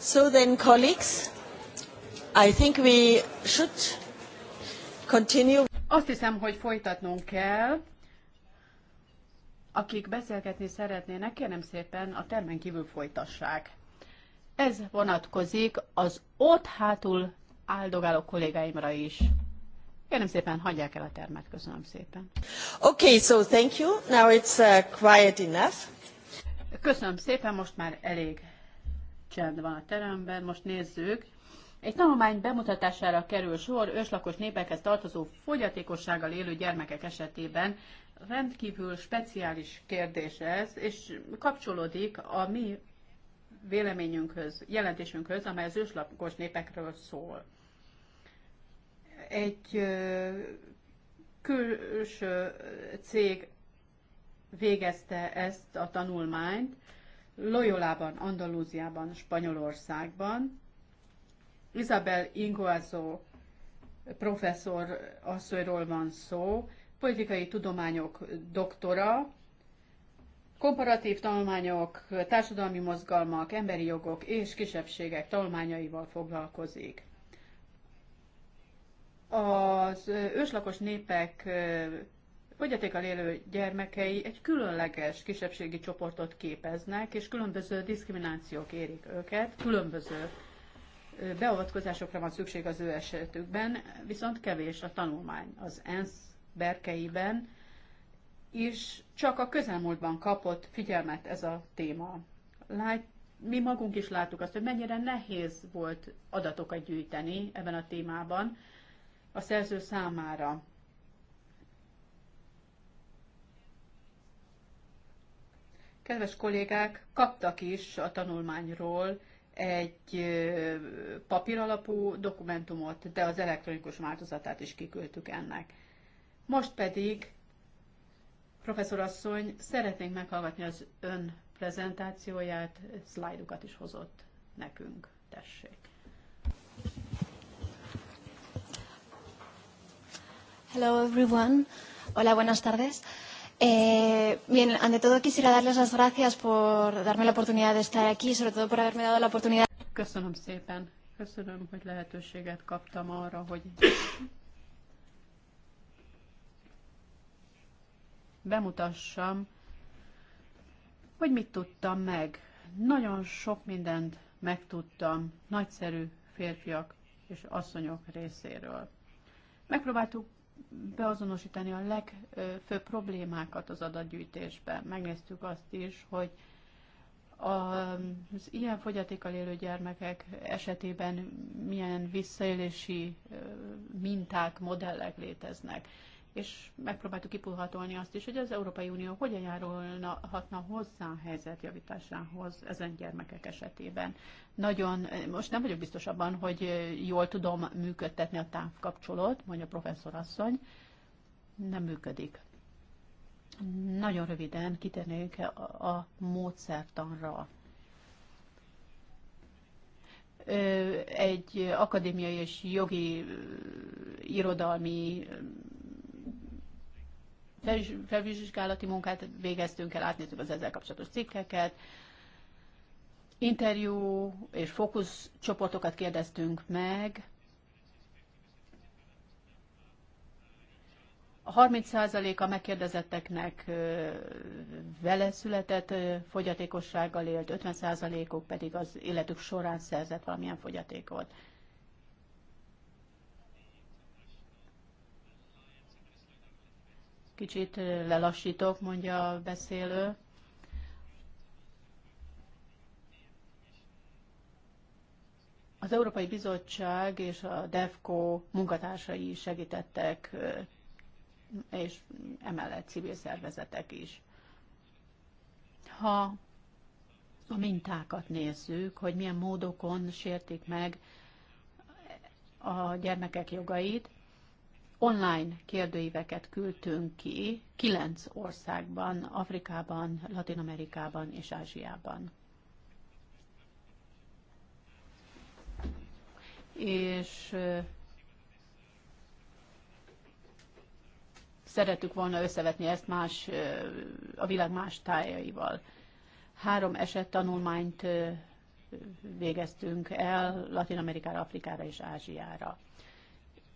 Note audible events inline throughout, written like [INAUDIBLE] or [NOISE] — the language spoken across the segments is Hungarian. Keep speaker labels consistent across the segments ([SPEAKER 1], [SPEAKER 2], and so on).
[SPEAKER 1] So then, colleagues,
[SPEAKER 2] I think we
[SPEAKER 1] should continue. Azt hiszem, hogy folytatnunk kell. Akik beszélgetni szeretnének, kérem szépen a termen kívül folytassák. Ez vonatkozik az ott hátul áldogáló kollégáimra is. Kérem szépen, hagyják el a termet, köszönöm szépen. Okay, so thank you. Now it's uh, quiet enough. Köszönöm szépen, most már elég csend van a teremben, most nézzük. Egy tanulmány bemutatására kerül sor őslakos népekhez tartozó fogyatékossággal élő gyermekek esetében. Rendkívül speciális kérdés ez, és kapcsolódik a mi véleményünkhöz, jelentésünkhöz, amely az őslakos népekről szól. Egy külső cég végezte ezt a tanulmányt, Loyolában, Andalúziában, Spanyolországban. Isabel Ingoazó professzor asszonyról van szó, politikai tudományok doktora, komparatív tanulmányok, társadalmi mozgalmak, emberi jogok és kisebbségek tanulmányaival foglalkozik. Az őslakos népek fogyatékkal élő gyermekei egy különleges kisebbségi csoportot képeznek, és különböző diszkriminációk érik őket, különböző beavatkozásokra van szükség az ő esetükben, viszont kevés a tanulmány. Az ENSZ berkeiben és csak a közelmúltban kapott figyelmet ez a téma. Lát, mi magunk is láttuk azt, hogy mennyire nehéz volt adatokat gyűjteni ebben a témában a szerző számára. Kedves kollégák, kaptak is a tanulmányról egy papíralapú dokumentumot, de az elektronikus változatát is kiküldtük ennek. Most pedig, professzor asszony, szeretnénk meghallgatni az ön prezentációját, szlájdokat is hozott nekünk. Tessék. Hello everyone. Hola, buenas tardes. Eh, bien, ante todo quisiera darles las gracias por darme la oportunidad de estar aquí, sobre todo por haberme dado la oportunidad. Köszönöm szépen. Köszönöm, hogy lehetőséget kaptam arra, hogy bemutassam, hogy mit tudtam meg. Nagyon sok mindent megtudtam nagyszerű férfiak és asszonyok részéről. Megpróbáltuk beazonosítani a legfőbb problémákat az adatgyűjtésben. Megnéztük azt is, hogy az ilyen fogyatékkal élő gyermekek esetében milyen visszaélési minták, modellek léteznek és megpróbáltuk kipulhatolni azt is, hogy az Európai Unió hogyan járulhatna hozzá a helyzet javításához ezen gyermekek esetében. Nagyon, most nem vagyok biztos abban, hogy jól tudom működtetni a távkapcsolót, mondja a professzor asszony, nem működik. Nagyon röviden kitérnék a, a módszertanra. Egy akadémiai és jogi irodalmi felvizsgálati munkát végeztünk el, átnéztük az ezzel kapcsolatos cikkeket, interjú és fókuszcsoportokat kérdeztünk meg, A 30%-a megkérdezetteknek vele született fogyatékossággal élt, 50%-uk pedig az életük során szerzett valamilyen fogyatékot. Kicsit lelassítok, mondja a beszélő. Az Európai Bizottság és a DEFCO munkatársai segítettek, és emellett civil szervezetek is. Ha a mintákat nézzük, hogy milyen módokon sértik meg a gyermekek jogait, Online kérdőíveket küldtünk ki kilenc országban, Afrikában, Latin-Amerikában és Ázsiában. És szeretük volna összevetni ezt más, a világ más tájaival. Három eset tanulmányt végeztünk el Latin Amerikára, Afrikára és Ázsiára.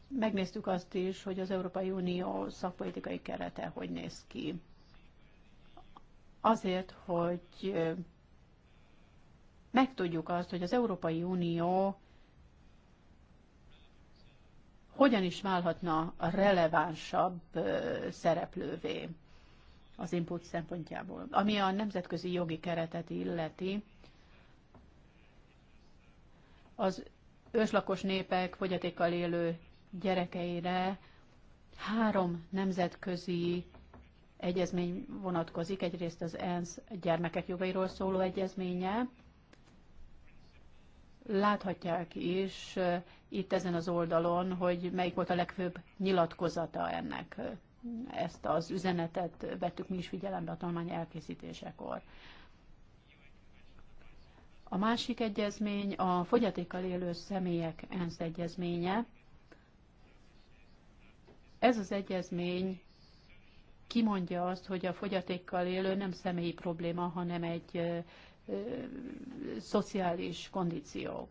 [SPEAKER 1] Megnéztük azt is, hogy az Európai Unió szakpolitikai kerete hogy néz ki. Azért, hogy megtudjuk azt, hogy az Európai Unió hogyan is válhatna a relevánsabb szereplővé az input szempontjából. Ami a nemzetközi jogi keretet illeti, az őslakos népek, fogyatékkal élő gyerekeire három nemzetközi egyezmény vonatkozik. Egyrészt az ENSZ gyermekek jogairól szóló egyezménye. Láthatják is itt ezen az oldalon, hogy melyik volt a legfőbb nyilatkozata ennek. Ezt az üzenetet vettük mi is figyelembe a tanulmány elkészítésekor. A másik egyezmény a fogyatékkal élő személyek ENSZ egyezménye. Ez az egyezmény kimondja azt, hogy a fogyatékkal élő nem személyi probléma, hanem egy ö, ö, szociális kondíció.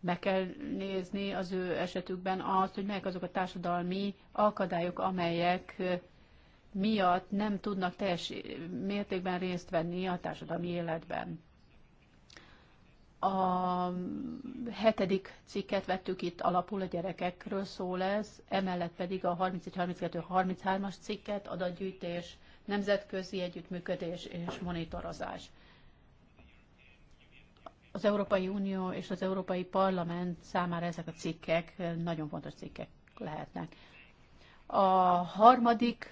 [SPEAKER 1] Meg kell nézni az ő esetükben azt, hogy melyek azok a társadalmi akadályok, amelyek miatt nem tudnak teljes mértékben részt venni a társadalmi életben. A hetedik cikket vettük itt alapul, a gyerekekről szól ez, emellett pedig a 31, 32, 33-as cikket, adatgyűjtés, nemzetközi együttműködés és monitorozás. Az Európai Unió és az Európai Parlament számára ezek a cikkek nagyon fontos cikkek lehetnek. A harmadik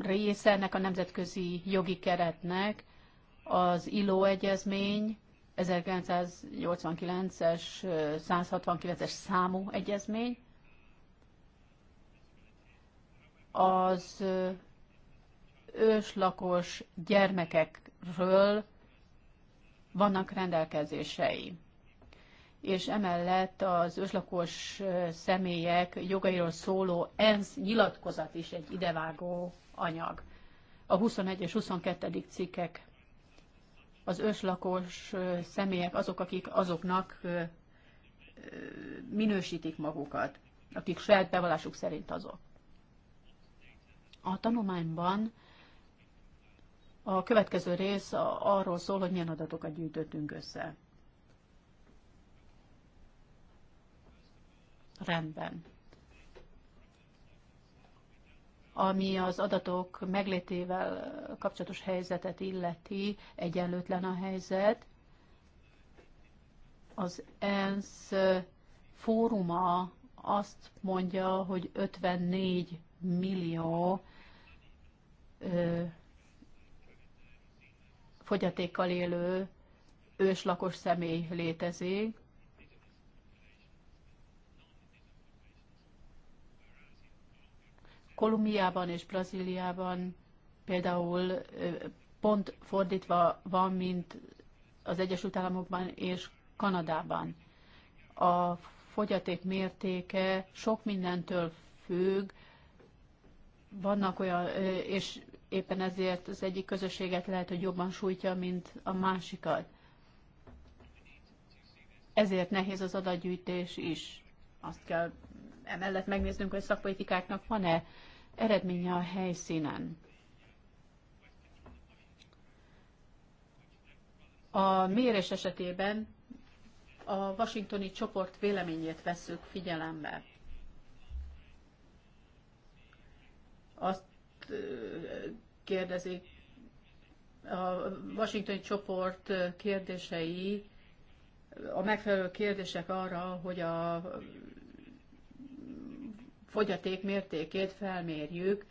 [SPEAKER 1] része ennek a nemzetközi jogi keretnek az ILO egyezmény 1989-es, 169-es számú egyezmény, az őslakos gyermekekről vannak rendelkezései. És emellett az őslakos személyek jogairól szóló ENSZ nyilatkozat is egy idevágó anyag. A 21 és 22. cikkek az őslakos személyek azok, akik azoknak minősítik magukat, akik saját bevallásuk szerint azok. A tanulmányban a következő rész arról szól, hogy milyen adatokat gyűjtöttünk össze. Rendben. Ami az adatok meglétével kapcsolatos helyzetet illeti, egyenlőtlen a helyzet. Az ENSZ fóruma azt mondja, hogy 54 millió ö, fogyatékkal élő őslakos személy létezik, Kolumbiában és Brazíliában például pont fordítva van, mint az Egyesült Államokban és Kanadában. A fogyaték mértéke sok mindentől függ, vannak olyan, és éppen ezért az egyik közösséget lehet, hogy jobban sújtja, mint a másikat. Ezért nehéz az adatgyűjtés is. Azt kell emellett megnéznünk, hogy szakpolitikáknak van-e eredménye a helyszínen. A mérés esetében a washingtoni csoport véleményét vesszük figyelembe. Azt kérdezik, a washingtoni csoport kérdései a megfelelő kérdések arra, hogy a fogyaték mértékét felmérjük,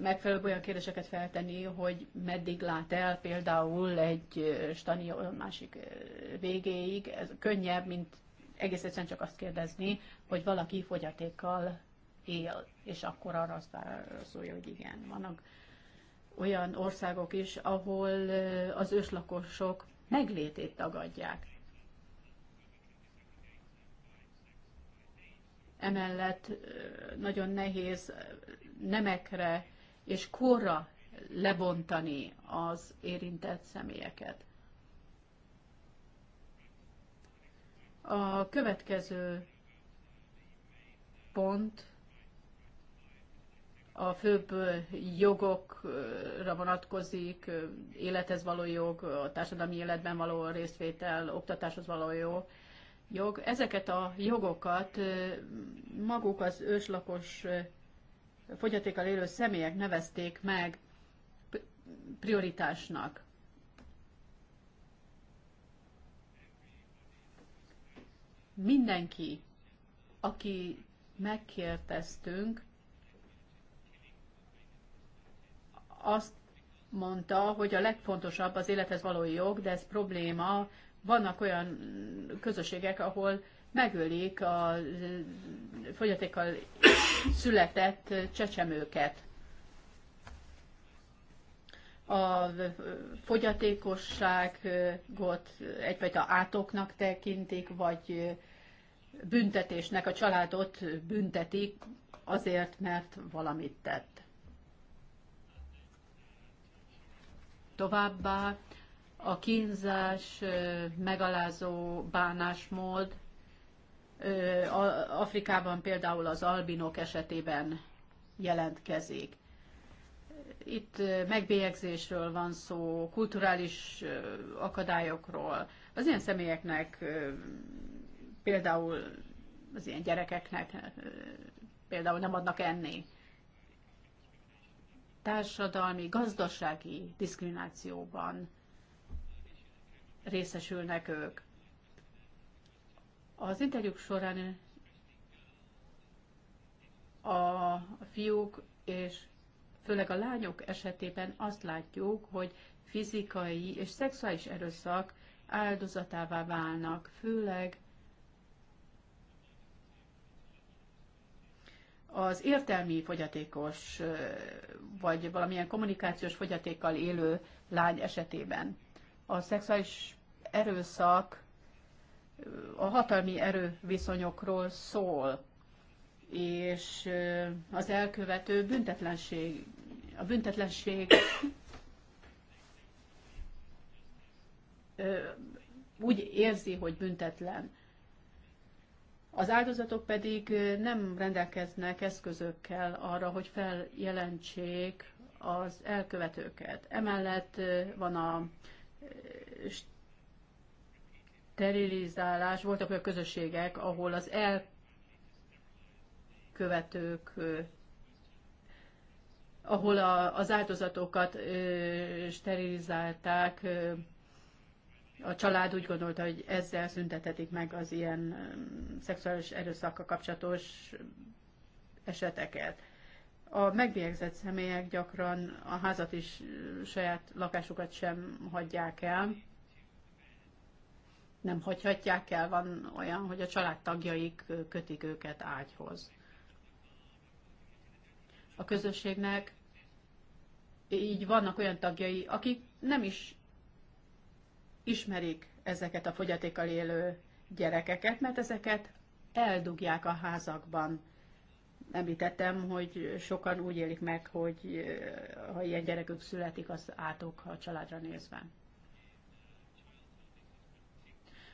[SPEAKER 1] megfelelő olyan kérdéseket feltenni, hogy meddig lát el például egy stadion másik végéig. Ez könnyebb, mint egész egyszerűen csak azt kérdezni, hogy valaki fogyatékkal él, és akkor arra azt válaszolja, hogy igen. Vannak olyan országok is, ahol az őslakosok meglétét tagadják. Emellett nagyon nehéz nemekre és korra lebontani az érintett személyeket. A következő pont a főbb jogokra vonatkozik, élethez való jog, a társadalmi életben való részvétel, oktatáshoz való jog, jog, ezeket a jogokat maguk az őslakos fogyatékkal élő személyek nevezték meg prioritásnak. Mindenki, aki megkérteztünk, azt mondta, hogy a legfontosabb az élethez való jog, de ez probléma vannak olyan közösségek, ahol megölik a fogyatékkal született csecsemőket. A fogyatékosságot egyfajta átoknak tekintik, vagy büntetésnek a családot büntetik azért, mert valamit tett. Továbbá a kínzás, megalázó bánásmód, Afrikában például az albinok esetében jelentkezik. Itt megbélyegzésről van szó, kulturális akadályokról. Az ilyen személyeknek, például az ilyen gyerekeknek például nem adnak enni. Társadalmi, gazdasági diszkriminációban részesülnek ők. Az interjúk során a fiúk és főleg a lányok esetében azt látjuk, hogy fizikai és szexuális erőszak áldozatává válnak, főleg az értelmi fogyatékos, vagy valamilyen kommunikációs fogyatékkal élő lány esetében a szexuális erőszak a hatalmi erőviszonyokról szól, és az elkövető büntetlenség, a büntetlenség úgy érzi, hogy büntetlen. Az áldozatok pedig nem rendelkeznek eszközökkel arra, hogy feljelentsék az elkövetőket. Emellett van a sterilizálás, voltak olyan közösségek, ahol az elkövetők, ahol a, az áldozatokat sterilizálták, a család úgy gondolta, hogy ezzel szüntetetik meg az ilyen szexuális erőszakkal kapcsolatos eseteket. A megbélyegzett személyek gyakran a házat is, saját lakásukat sem hagyják el. Nem hagyhatják el, van olyan, hogy a családtagjaik kötik őket ágyhoz. A közösségnek így vannak olyan tagjai, akik nem is ismerik ezeket a fogyatékkal élő gyerekeket, mert ezeket eldugják a házakban. Említettem, hogy sokan úgy élik meg, hogy ha ilyen gyerekük születik, az átok a családra nézve.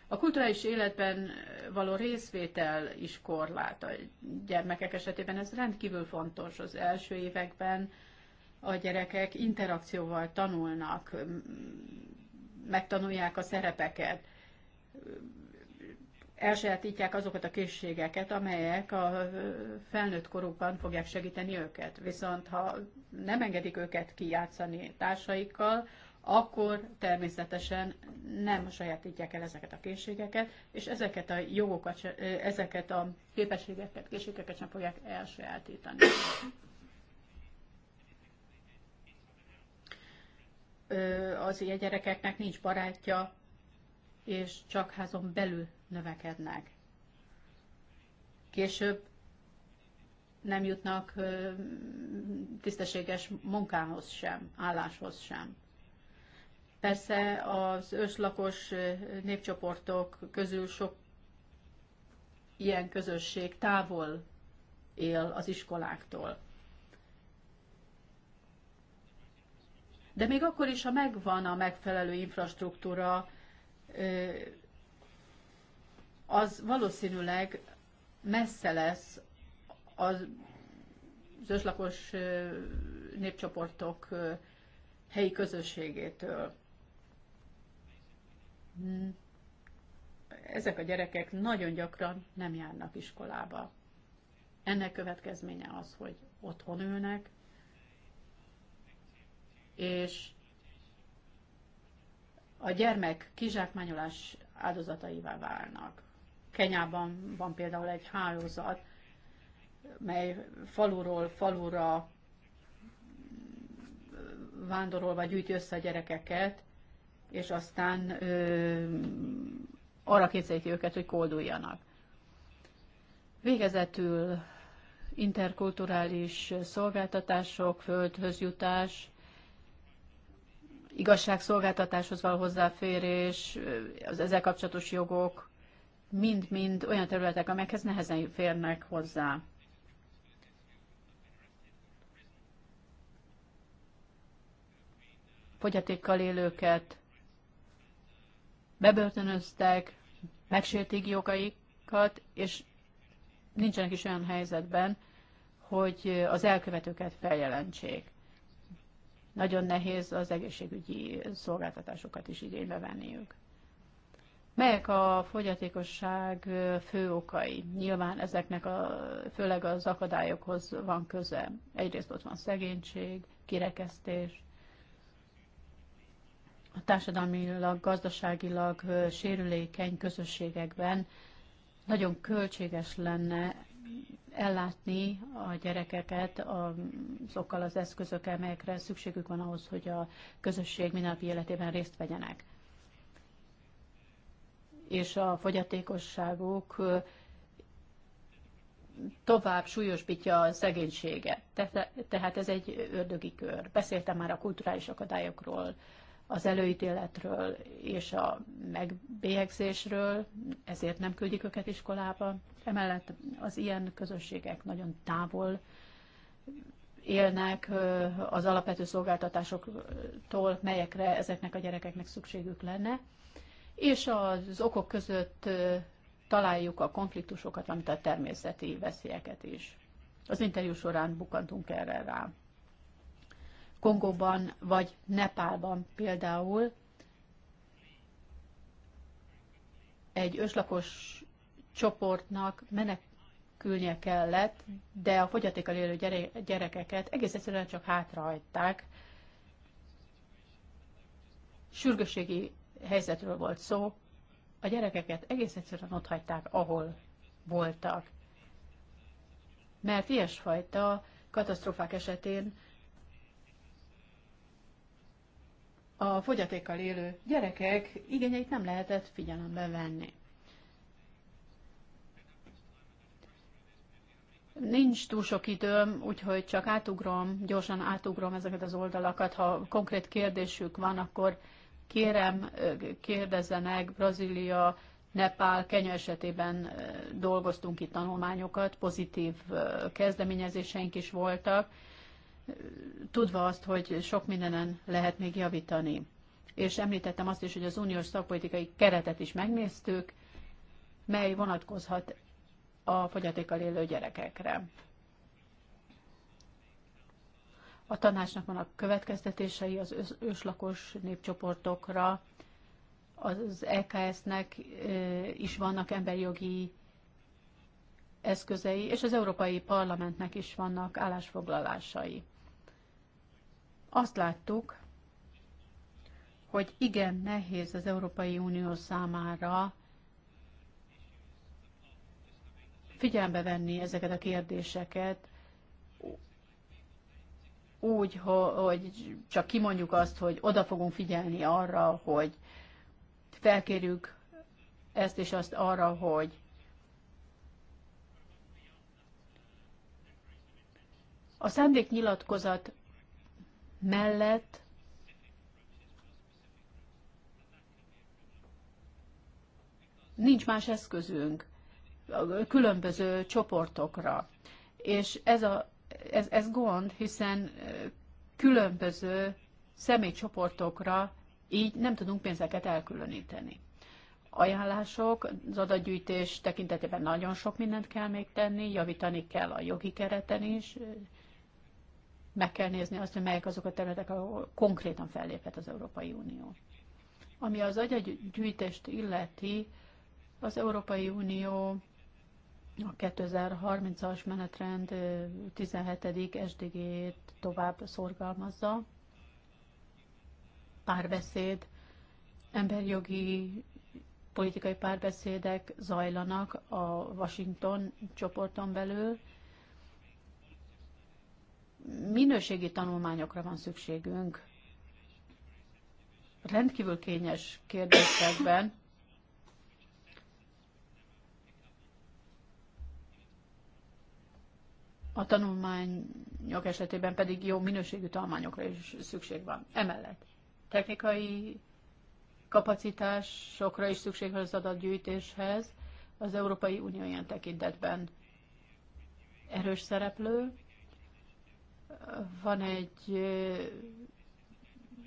[SPEAKER 1] A kulturális életben való részvétel is korlát a gyermekek esetében. Ez rendkívül fontos az első években. A gyerekek interakcióval tanulnak, megtanulják a szerepeket, elsajátítják azokat a készségeket, amelyek a felnőtt korukban fogják segíteni őket. Viszont ha nem engedik őket kijátszani társaikkal, akkor természetesen nem sajátítják el ezeket a készségeket, és ezeket a jogokat, ezeket a képességeket, készségeket sem fogják elsajátítani. Az ilyen gyerekeknek nincs barátja, és csak házon belül növekednek. Később nem jutnak tisztességes munkához sem, álláshoz sem. Persze az őslakos népcsoportok közül sok ilyen közösség távol él az iskoláktól. De még akkor is, ha megvan a megfelelő infrastruktúra, az valószínűleg messze lesz az, az őslakos népcsoportok helyi közösségétől. Hmm. Ezek a gyerekek nagyon gyakran nem járnak iskolába. Ennek következménye az, hogy otthon ülnek, és a gyermek kizsákmányolás áldozataivá válnak. Kenyában van például egy hálózat, mely faluról falura vándorolva gyűjti össze a gyerekeket, és aztán ö, arra kényszeríti őket, hogy kolduljanak. Végezetül interkulturális szolgáltatások, földhöz jutás, igazságszolgáltatáshoz való hozzáférés, az ezzel kapcsolatos jogok, mind-mind olyan területek, amelyekhez nehezen férnek hozzá. Fogyatékkal élőket bebörtönöztek, megsértik jogaikat, és nincsenek is olyan helyzetben, hogy az elkövetőket feljelentsék nagyon nehéz az egészségügyi szolgáltatásokat is igénybe venniük. Melyek a fogyatékosság fő okai? Nyilván ezeknek a, főleg az akadályokhoz van köze. Egyrészt ott van szegénység, kirekesztés, a társadalmilag, gazdaságilag sérülékeny közösségekben nagyon költséges lenne ellátni a gyerekeket azokkal az eszközökkel, melyekre szükségük van ahhoz, hogy a közösség mindennapi életében részt vegyenek. És a fogyatékosságuk tovább súlyosbítja a szegénységet. Tehát ez egy ördögi kör. Beszéltem már a kulturális akadályokról, az előítéletről és a megbélyegzésről, ezért nem küldik őket iskolába. Emellett az ilyen közösségek nagyon távol élnek az alapvető szolgáltatásoktól, melyekre ezeknek a gyerekeknek szükségük lenne, és az okok között találjuk a konfliktusokat, valamint a természeti veszélyeket is. Az interjú során bukantunk erre rá. Kongóban vagy Nepálban például egy őslakos csoportnak menekülnie kellett, de a fogyatékkal élő gyerekeket egész egyszerűen csak hátrahagyták. Sürgősségi helyzetről volt szó, a gyerekeket egész egyszerűen ott hagyták, ahol voltak. Mert ilyesfajta katasztrófák esetén a fogyatékkal élő gyerekek igényeit nem lehetett figyelembe venni. Nincs túl sok időm, úgyhogy csak átugrom, gyorsan átugrom ezeket az oldalakat. Ha konkrét kérdésük van, akkor kérem, kérdezzenek. Brazília, Nepál, Kenya esetében dolgoztunk itt tanulmányokat, pozitív kezdeményezéseink is voltak tudva azt, hogy sok mindenen lehet még javítani. És említettem azt is, hogy az uniós szakpolitikai keretet is megnéztük, mely vonatkozhat a fogyatékkal élő gyerekekre. A tanácsnak vannak következtetései az őslakos népcsoportokra, az EKS-nek is vannak emberjogi eszközei, és az Európai Parlamentnek is vannak állásfoglalásai. Azt láttuk, hogy igen nehéz az Európai Unió számára figyelembe venni ezeket a kérdéseket, úgy, hogy csak kimondjuk azt, hogy oda fogunk figyelni arra, hogy felkérjük ezt és azt arra, hogy a szándéknyilatkozat mellett nincs más eszközünk különböző csoportokra. És ez, a, ez, ez gond, hiszen különböző személycsoportokra így nem tudunk pénzeket elkülöníteni. Ajánlások, az adatgyűjtés tekintetében nagyon sok mindent kell még tenni, javítani kell a jogi kereten is, meg kell nézni azt, hogy melyek azok a területek, ahol konkrétan felléphet az Európai Unió. Ami az agyagyűjtést illeti, az Európai Unió a 2030-as menetrend 17. SDG-ét tovább szorgalmazza. Párbeszéd, emberjogi politikai párbeszédek zajlanak a Washington csoporton belül, minőségi tanulmányokra van szükségünk. Rendkívül kényes kérdésekben a tanulmányok esetében pedig jó minőségű tanulmányokra is szükség van. Emellett technikai kapacitásokra is szükség van az adatgyűjtéshez, az Európai Unió ilyen tekintetben erős szereplő, van egy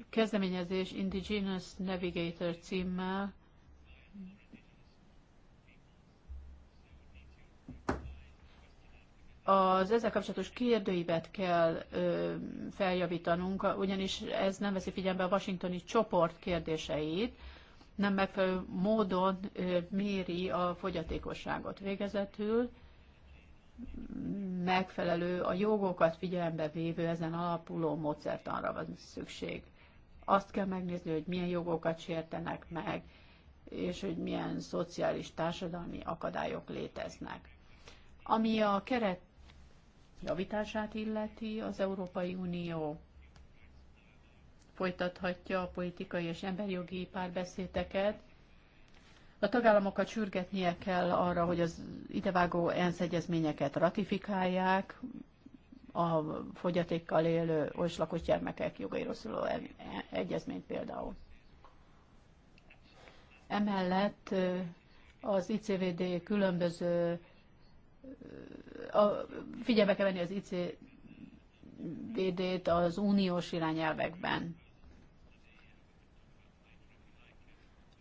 [SPEAKER 1] kezdeményezés Indigenous Navigator címmel, az ezzel kapcsolatos kérdőívet kell ö, feljavítanunk, ugyanis ez nem veszi figyelembe a washingtoni csoport kérdéseit, nem megfelelő módon ö, méri a fogyatékosságot végezetül megfelelő, a jogokat figyelembe vévő, ezen alapuló módszertanra van szükség. Azt kell megnézni, hogy milyen jogokat sértenek meg, és hogy milyen szociális, társadalmi akadályok léteznek. Ami a keret javítását illeti, az Európai Unió folytathatja a politikai és emberjogi párbeszédeket a tagállamokat sürgetnie kell arra, hogy az idevágó ENSZ egyezményeket ratifikálják, a fogyatékkal élő őslakos gyermekek jogairól szóló egyezményt például. Emellett az ICVD különböző a, figyelme kell venni az ICVD-t az uniós irányelvekben.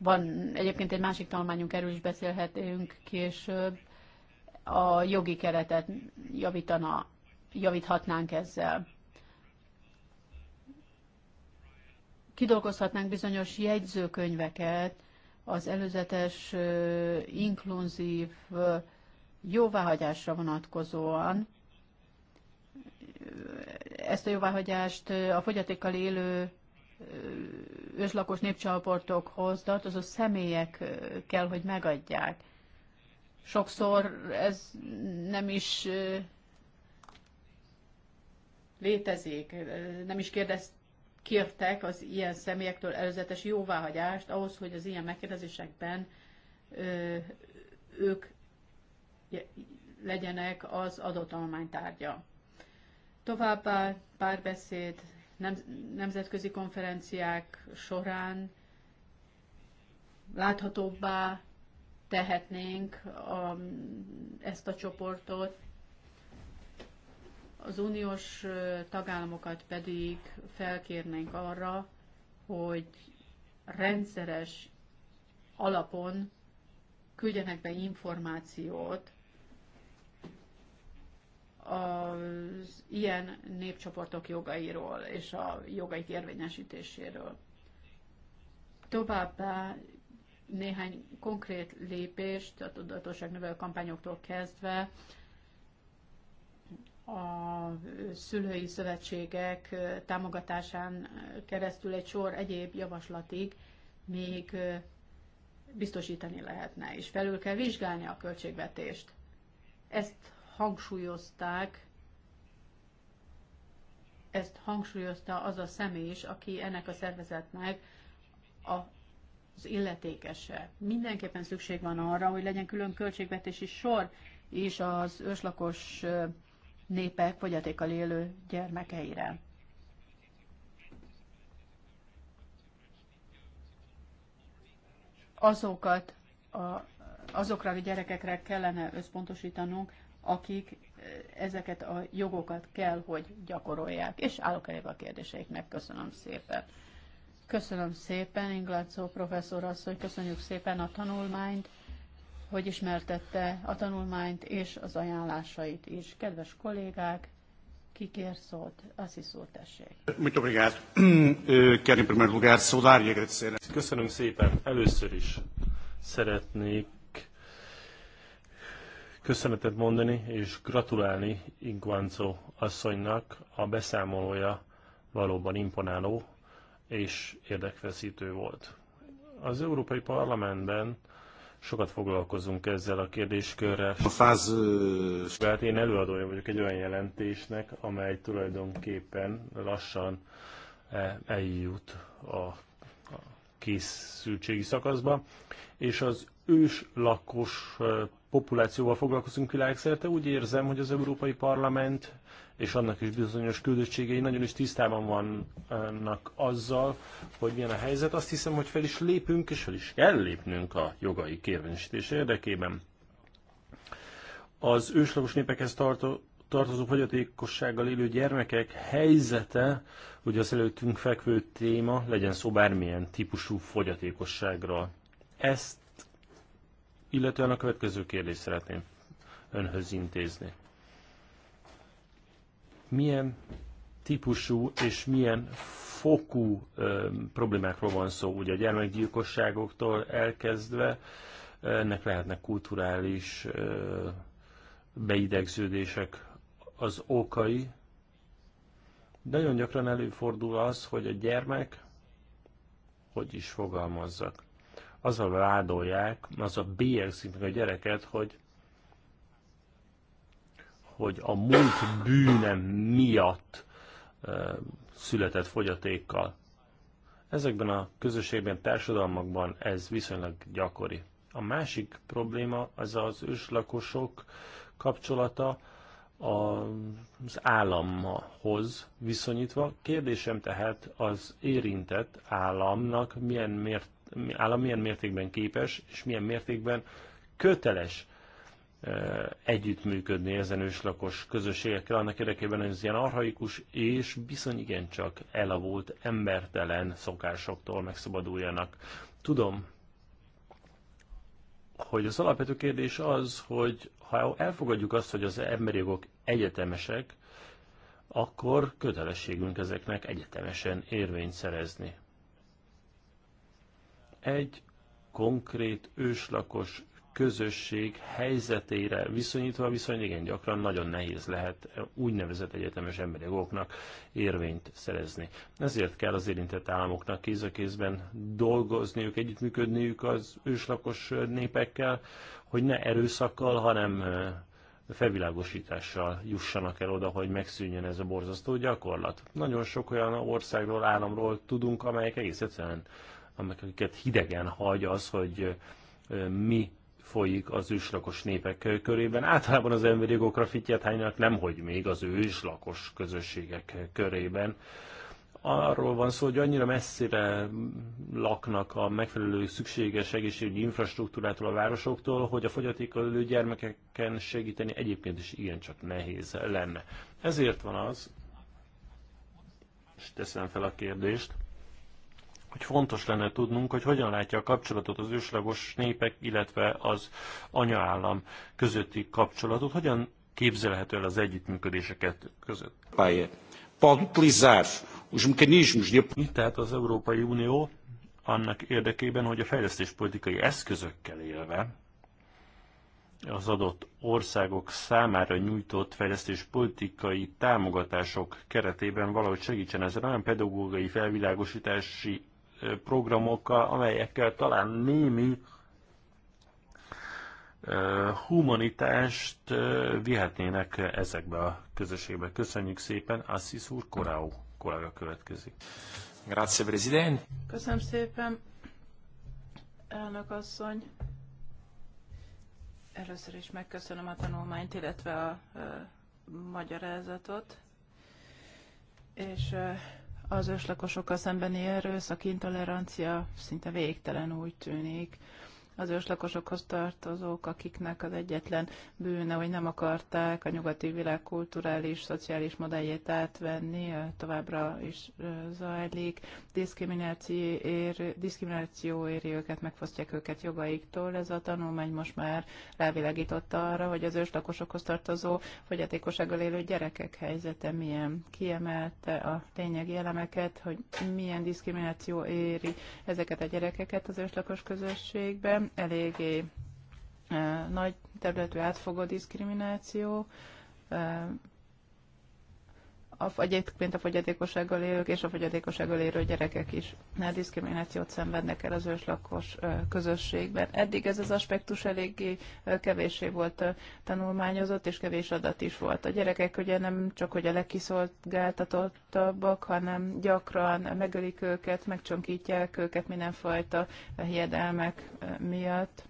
[SPEAKER 1] Van egyébként egy másik tanulmányunk, erről is beszélhetünk később. A jogi keretet javítana, javíthatnánk ezzel. Kidolgozhatnánk bizonyos jegyzőkönyveket, az előzetes inkluzív jóváhagyásra vonatkozóan. Ezt a jóváhagyást a fogyatékkal élő őslakos népcsoportokhoz tartozó személyek kell, hogy megadják. Sokszor ez nem is létezik, nem is kérdezt, kértek az ilyen személyektől előzetes jóváhagyást ahhoz, hogy az ilyen megkérdezésekben ők legyenek az adott tanulmánytárgya. Továbbá párbeszéd nemzetközi konferenciák során láthatóbbá tehetnénk a, um, ezt a csoportot, az uniós tagállamokat pedig felkérnénk arra, hogy rendszeres alapon küldjenek be információt az ilyen népcsoportok jogairól és a jogaik érvényesítéséről. Továbbá néhány konkrét lépést, a tudatosságnövelő kampányoktól kezdve a szülői szövetségek támogatásán keresztül egy sor egyéb javaslatig még biztosítani lehetne, és felül kell vizsgálni a költségvetést. Ezt hangsúlyozták, ezt hangsúlyozta az a személy is, aki ennek a szervezetnek a az illetékese. Mindenképpen szükség van arra, hogy legyen külön költségvetési sor is az őslakos népek fogyatékkal élő gyermekeire. Azokat a, azokra a gyerekekre kellene összpontosítanunk, akik eh, ezeket a jogokat kell, hogy gyakorolják. És állok elébe a kérdéseiknek. Köszönöm szépen. Köszönöm szépen, Inglacó professzor asszony, köszönjük szépen a tanulmányt, hogy ismertette a tanulmányt és az ajánlásait is. Kedves kollégák, ki kér azt is szót tessék.
[SPEAKER 3] Muito obrigado. [CLEARS THROAT] Eh, quero em primeiro lugar saudar e agradecer. Köszönöm szépen. Először is szeretnék köszönetet mondani és gratulálni Inguanzo asszonynak. A beszámolója valóban imponáló és érdekfeszítő volt. Az Európai Parlamentben sokat foglalkozunk ezzel a kérdéskörrel. A fáz... Hát én előadója vagyok egy olyan jelentésnek, amely tulajdonképpen lassan e, eljut a készültségi szakaszba, és az ős lakos populációval foglalkozunk világszerte, úgy érzem, hogy az Európai Parlament és annak is bizonyos küldöttségei nagyon is tisztában vannak azzal, hogy milyen a helyzet. Azt hiszem, hogy fel is lépünk, és fel is kell lépnünk a jogai kérvényesítés érdekében. Az őslagos népekhez tartó tartozó fogyatékossággal élő gyermekek helyzete, ugye az előttünk fekvő téma, legyen szó bármilyen típusú fogyatékosságról. Ezt illetően a következő kérdést szeretném önhöz intézni. Milyen típusú és milyen fokú ö, problémákról van szó, ugye a gyermekgyilkosságoktól elkezdve, ennek lehetnek kulturális ö, beidegződések az okai. Nagyon gyakran előfordul az, hogy a gyermek, hogy is fogalmazzak, azzal vádolják, az a bélyegzik meg a gyereket, hogy hogy a múlt bűne miatt ö, született fogyatékkal. Ezekben a közösségben, társadalmakban ez viszonylag gyakori. A másik probléma az az őslakosok kapcsolata az államhoz viszonyítva. Kérdésem tehát az érintett államnak milyen mért állam milyen mértékben képes, és milyen mértékben köteles együttműködni ezen őslakos közösségekkel, annak érdekében, hogy ez ilyen arhaikus és bizony igencsak elavult, embertelen szokásoktól megszabaduljanak. Tudom, hogy az alapvető kérdés az, hogy ha elfogadjuk azt, hogy az emberi jogok egyetemesek, akkor kötelességünk ezeknek egyetemesen érvényt szerezni egy konkrét őslakos közösség helyzetére viszonyítva viszony igen gyakran nagyon nehéz lehet úgynevezett egyetemes emberi jogoknak érvényt szerezni. Ezért kell az érintett államoknak kéz a kézben dolgozniuk, együttműködniük az őslakos népekkel, hogy ne erőszakkal, hanem felvilágosítással jussanak el oda, hogy megszűnjön ez a borzasztó gyakorlat. Nagyon sok olyan országról, államról tudunk, amelyek egész egyszerűen amiket hidegen hagy az, hogy mi folyik az őslakos népek körében. Általában az emberi jogokra fittyet hánynak hogy még az őslakos közösségek körében. Arról van szó, hogy annyira messzire laknak a megfelelő szükséges egészségügyi infrastruktúrától a városoktól, hogy a fogyatékolő gyermekeken segíteni egyébként is igencsak nehéz lenne. Ezért van az, és teszem fel a kérdést, hogy fontos lenne tudnunk, hogy hogyan látja a kapcsolatot az őslagos népek, illetve az anyaállam közötti kapcsolatot, hogyan képzelhető el az együttműködés a kettő között. de... Tehát az Európai Unió annak érdekében, hogy a fejlesztéspolitikai eszközökkel élve az adott országok számára nyújtott fejlesztéspolitikai támogatások keretében valahogy segítsen ezen olyan pedagógiai felvilágosítási programokkal, amelyekkel talán némi humanitást vihetnének ezekbe a közösségbe. Köszönjük szépen, Assis úr, Korau kollega következik. Grazie, President.
[SPEAKER 2] Köszönöm szépen, elnök asszony. Először is megköszönöm a tanulmányt, illetve a, a, a magyarázatot. És az őslakosokkal szembeni erőszak, intolerancia szinte végtelen úgy tűnik az őslakosokhoz tartozók, akiknek az egyetlen bűne, hogy nem akarták a nyugati világ kulturális, szociális modelljét átvenni, továbbra is zajlik. Diszkrimináció, ér, éri őket, megfosztják őket jogaiktól. Ez a tanulmány most már rávilágította arra, hogy az őslakosokhoz tartozó fogyatékossággal élő gyerekek helyzete milyen. Kiemelte a lényegi elemeket, hogy milyen diszkrimináció éri ezeket a gyerekeket az őslakos közösségben, eléggé nagy területű átfogó diszkrimináció, a, egyébként a fogyatékossággal élők és a fogyatékossággal élő gyerekek is ne diszkriminációt szenvednek el az őslakos közösségben. Eddig ez az aspektus eléggé kevésé volt tanulmányozott, és kevés adat is volt. A gyerekek ugye nem csak hogy a legkiszolgáltatottabbak, hanem gyakran megölik őket, megcsonkítják őket mindenfajta hiedelmek miatt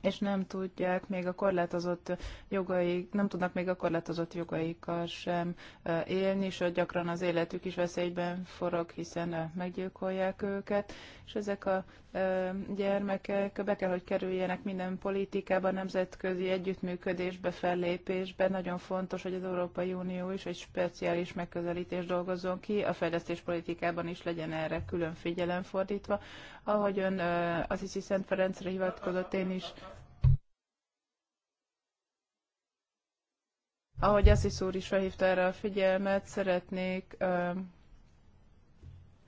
[SPEAKER 2] és nem tudják még a korlátozott jogaik, nem tudnak még a korlátozott jogaikkal sem élni, sőt gyakran az életük is veszélyben forog, hiszen meggyilkolják őket, és ezek a gyermekek be kell, hogy kerüljenek minden politikába, nemzetközi együttműködésbe, fellépésbe. Nagyon fontos, hogy az Európai Unió is egy speciális megközelítés dolgozzon ki, a fejlesztés politikában is legyen erre külön figyelem fordítva, ahogy ön az Iszi Szent Ferencre hivatkozott, én is ahogy az úr is felhívta erre a figyelmet, szeretnék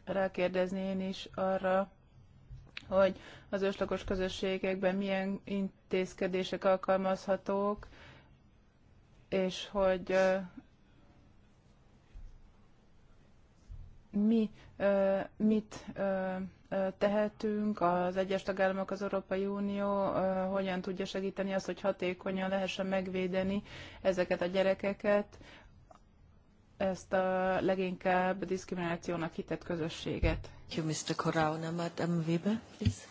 [SPEAKER 2] rákérdezni én is arra, hogy az őslakos közösségekben milyen intézkedések alkalmazhatók, és hogy uh, mi, uh, mit uh, tehetünk, az egyes tagállamok, az Európai Unió hogyan tudja segíteni azt, hogy hatékonyan lehessen megvédeni ezeket a gyerekeket, ezt a leginkább diszkriminációnak hitett közösséget. Thank you, Mr. Corona, Madam Weber, please.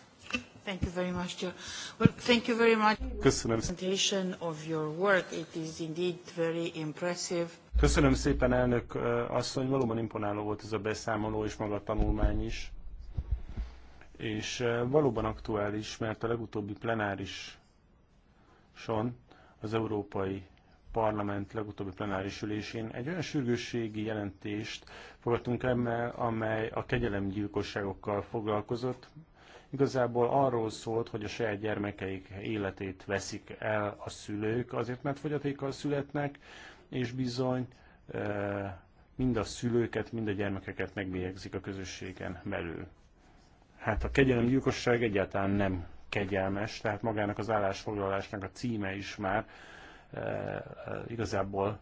[SPEAKER 2] Thank you very much, Jill. Well, thank you very much. Köszönöm. Presentation of your work. It is indeed very impressive.
[SPEAKER 3] Köszönöm szépen, elnök asszony, valóban imponáló volt ez a beszámoló és maga a tanulmány is és eh, valóban aktuális, mert a legutóbbi plenárison az Európai Parlament legutóbbi plenáris ülésén egy olyan sürgősségi jelentést fogadtunk el, amely a kegyelemgyilkosságokkal foglalkozott. Igazából arról szólt, hogy a saját gyermekeik életét veszik el a szülők, azért mert fogyatékkal születnek, és bizony eh, mind a szülőket, mind a gyermekeket megbélyegzik a közösségen belül. Hát a gyilkosság egyáltalán nem kegyelmes, tehát magának az állásfoglalásnak a címe is már e, igazából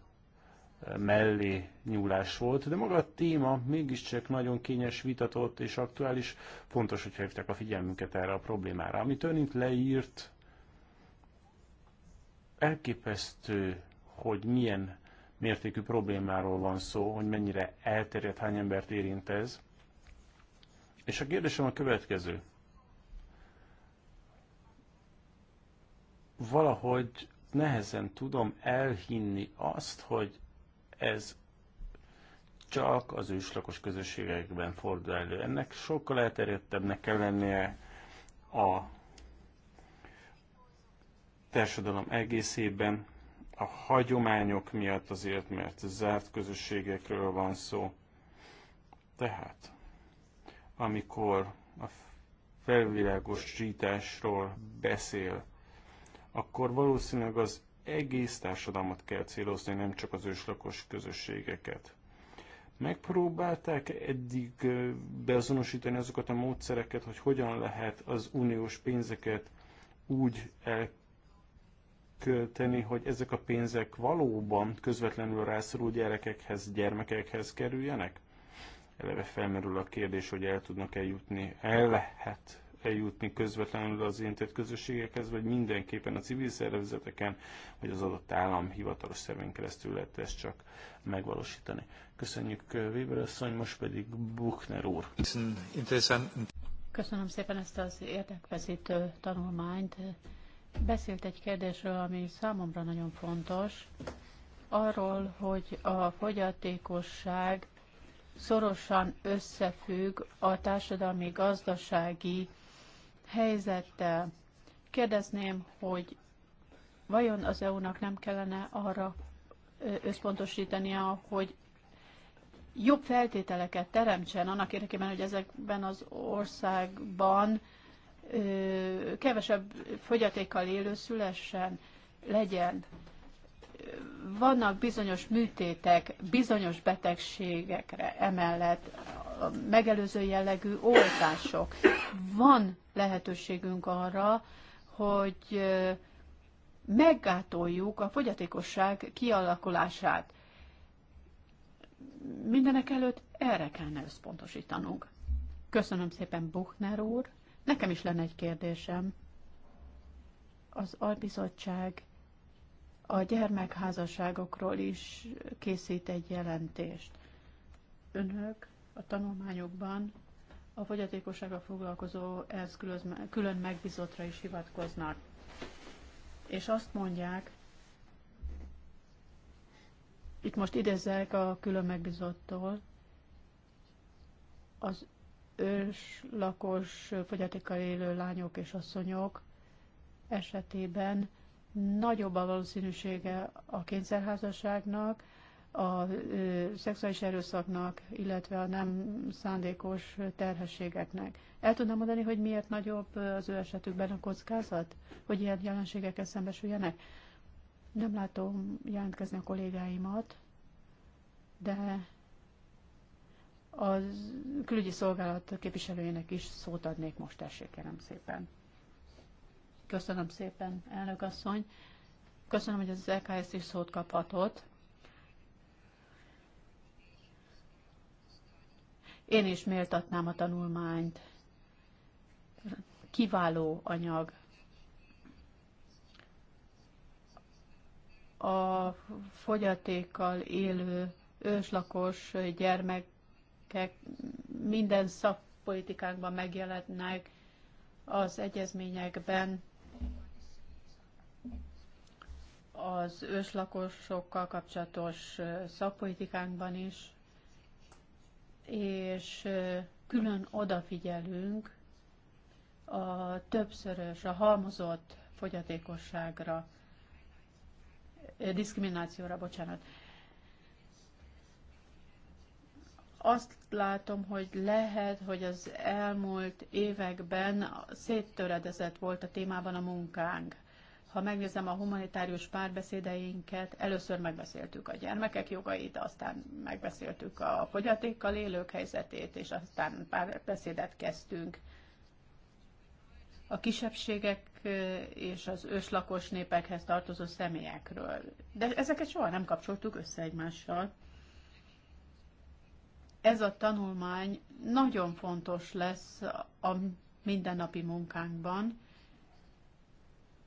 [SPEAKER 3] eh, mellé nyúlás volt, de maga a téma mégiscsak nagyon kényes, vitatott és aktuális. Fontos, hogy hívták a figyelmünket erre a problémára. Amit ön itt leírt, elképesztő, hogy milyen mértékű problémáról van szó, hogy mennyire elterjedt, hány embert érint ez. És a kérdésem a következő. Valahogy nehezen tudom elhinni azt, hogy ez csak az őslakos közösségekben fordul elő. Ennek sokkal elterjedtebbnek kell lennie a társadalom egészében, a hagyományok miatt azért, mert zárt közösségekről van szó. Tehát amikor a felvilágosításról beszél, akkor valószínűleg az egész társadalmat kell célozni, nem csak az őslakos közösségeket. Megpróbálták eddig beazonosítani azokat a módszereket, hogy hogyan lehet az uniós pénzeket úgy elkölteni, hogy ezek a pénzek valóban közvetlenül rászoruló gyerekekhez, gyermekekhez kerüljenek? eleve felmerül a kérdés, hogy el tudnak eljutni, el lehet eljutni közvetlenül az érintett közösségekhez, vagy mindenképpen a civil szervezeteken, vagy az adott állam hivatalos szervén keresztül lehet ezt csak megvalósítani. Köszönjük Weber asszony, most pedig Buchner úr.
[SPEAKER 1] Köszönöm szépen ezt az érdekvezítő tanulmányt. Beszélt egy kérdésről, ami számomra nagyon fontos, arról, hogy a fogyatékosság szorosan összefügg a társadalmi gazdasági helyzettel. Kérdezném, hogy vajon az EU-nak nem kellene arra összpontosítania, hogy jobb feltételeket teremtsen annak érdekében, hogy ezekben az országban kevesebb fogyatékkal élő szülessen, legyen vannak bizonyos műtétek, bizonyos betegségekre emellett a megelőző jellegű oltások. Van lehetőségünk arra, hogy meggátoljuk a fogyatékosság kialakulását. Mindenek előtt erre kellene összpontosítanunk. Köszönöm szépen, Buchner úr. Nekem is lenne egy kérdésem. Az albizottság a gyermekházasságokról is készít egy jelentést. Önök a tanulmányokban a fogyatékossággal foglalkozó ez külön megbízottra is hivatkoznak. És azt mondják, itt most idézek a külön megbizottól, az lakos fogyatékkal élő lányok és asszonyok esetében nagyobb a valószínűsége a kényszerházasságnak, a ö, szexuális erőszaknak, illetve a nem szándékos terhességeknek. El tudnám mondani, hogy miért nagyobb az ő esetükben a kockázat, hogy ilyen jelenségekkel szembesüljenek? Nem látom jelentkezni a kollégáimat, de a külügyi szolgálat képviselőjének is szót adnék most, tessék, kérem szépen. Köszönöm szépen, elnök asszony. Köszönöm, hogy az LKS is szót kaphatott. Én is méltatnám a tanulmányt. Kiváló anyag. A fogyatékkal élő őslakos gyermekek minden szakpolitikánkban megjelennek, az egyezményekben az őslakosokkal kapcsolatos szakpolitikánkban is, és külön odafigyelünk a többszörös, a halmozott fogyatékosságra, diszkriminációra, bocsánat. Azt látom, hogy lehet, hogy az elmúlt években széttöredezett volt a témában a munkánk ha megnézem a humanitárius párbeszédeinket, először megbeszéltük a gyermekek jogait, aztán megbeszéltük a fogyatékkal élők helyzetét, és aztán párbeszédet kezdtünk a kisebbségek és az őslakos népekhez tartozó személyekről. De ezeket soha nem kapcsoltuk össze egymással. Ez a tanulmány nagyon fontos lesz a mindennapi munkánkban,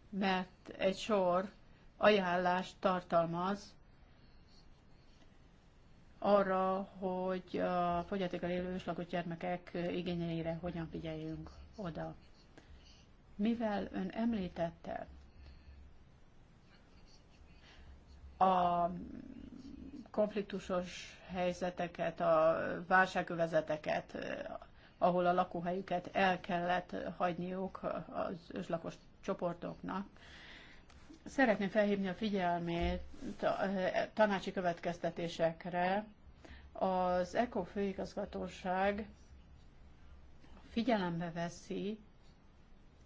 [SPEAKER 1] mert egy sor ajánlást tartalmaz arra, hogy a fogyatékkal élő őslakott gyermekek igényeire hogyan figyeljünk oda. Mivel ön említette a konfliktusos helyzeteket, a válságövezeteket, ahol a lakóhelyüket el kellett hagyniuk az őslakos csoportoknak. Szeretném felhívni a figyelmét eh, tanácsi következtetésekre. Az ECO főigazgatóság figyelembe veszi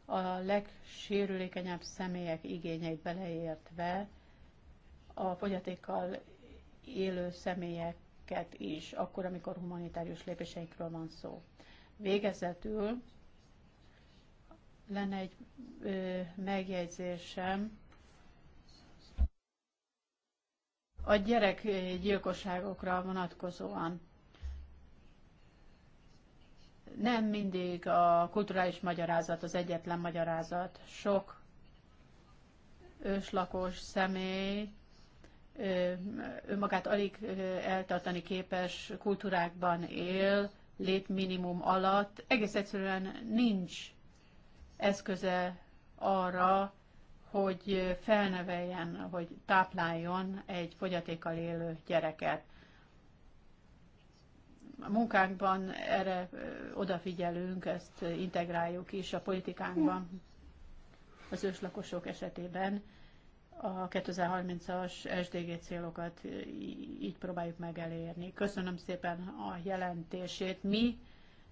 [SPEAKER 1] a legsérülékenyebb személyek igényeit beleértve a fogyatékkal élő személyeket is, akkor, amikor humanitárius lépéseikről van szó. Végezetül lenne egy ö, megjegyzésem. A gyerek gyilkosságokra vonatkozóan nem mindig a kulturális magyarázat az egyetlen magyarázat. Sok őslakos személy önmagát alig eltartani képes kultúrákban él, létminimum alatt. Egész egyszerűen nincs eszköze arra, hogy felneveljen, hogy tápláljon egy fogyatékkal élő gyereket. A munkánkban erre odafigyelünk, ezt integráljuk is a politikánkban az őslakosok esetében. A 2030-as SDG célokat így próbáljuk meg elérni. Köszönöm szépen a jelentését. Mi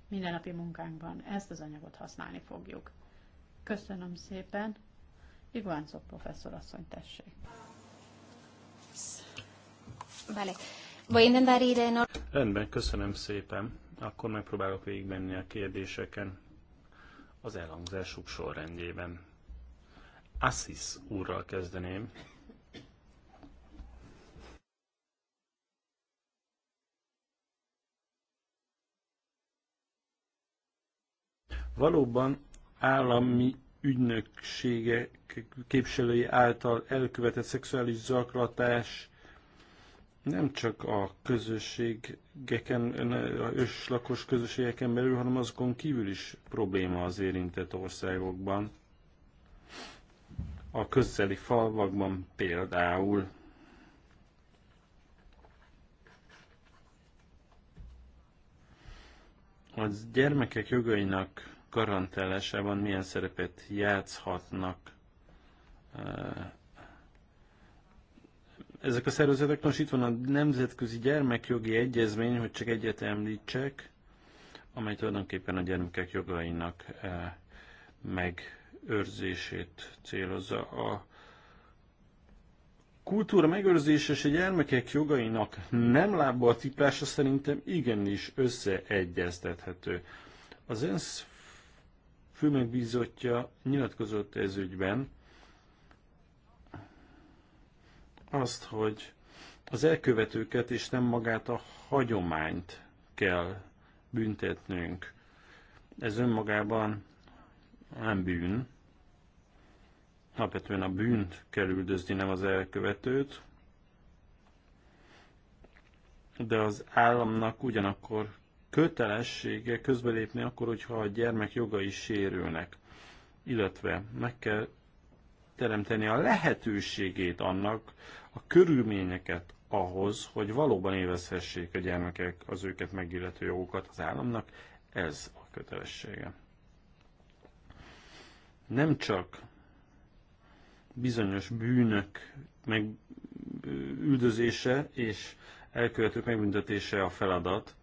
[SPEAKER 1] mindennapi munkánkban ezt az anyagot használni fogjuk. Köszönöm szépen. Igvánzó professzor asszony, tessék.
[SPEAKER 2] Vale. Voy a intentar ir en
[SPEAKER 3] Rendben, köszönöm szépen. Akkor megpróbálok végigmenni a kérdéseken az elhangzásuk sorrendjében. Assis úrral kezdeném. Valóban állami ügynöksége képviselői által elkövetett szexuális zaklatás nem csak a közösségeken, őslakos közösségeken belül, hanem azokon kívül is probléma az érintett országokban. A közeli falvakban például. Az gyermekek jogainak garantálásában milyen szerepet játszhatnak eh, ezek a szervezetek. most itt van a Nemzetközi Gyermekjogi Egyezmény, hogy csak egyet említsek, amely tulajdonképpen a gyermekek jogainak eh, megőrzését célozza. A kultúra megőrzése és a gyermekek jogainak nem lábba a tipása szerintem igenis összeegyeztethető. Az ENSZ főmegbízottja nyilatkozott ez ügyben azt, hogy az elkövetőket és nem magát a hagyományt kell büntetnünk. Ez önmagában nem bűn. Alapvetően a bűnt kell üldözni, nem az elkövetőt. De az államnak ugyanakkor kötelessége közbelépni akkor, hogyha a gyermek jogai sérülnek, illetve meg kell teremteni a lehetőségét annak, a körülményeket ahhoz, hogy valóban élvezhessék a gyermekek az őket megillető jogokat az államnak, ez a kötelessége. Nem csak bizonyos bűnök meg üldözése és elkövetők megbüntetése a feladat,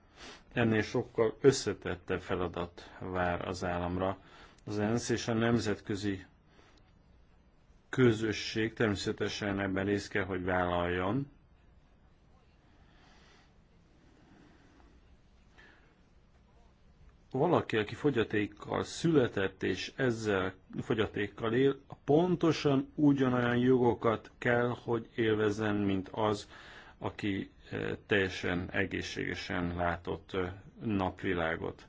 [SPEAKER 3] ennél sokkal összetettebb feladat vár az államra. Az ENSZ és a nemzetközi közösség természetesen ebben részt kell, hogy vállaljon. Valaki, aki fogyatékkal született és ezzel fogyatékkal él, pontosan ugyanolyan jogokat kell, hogy élvezzen, mint az, aki teljesen egészségesen látott napvilágot.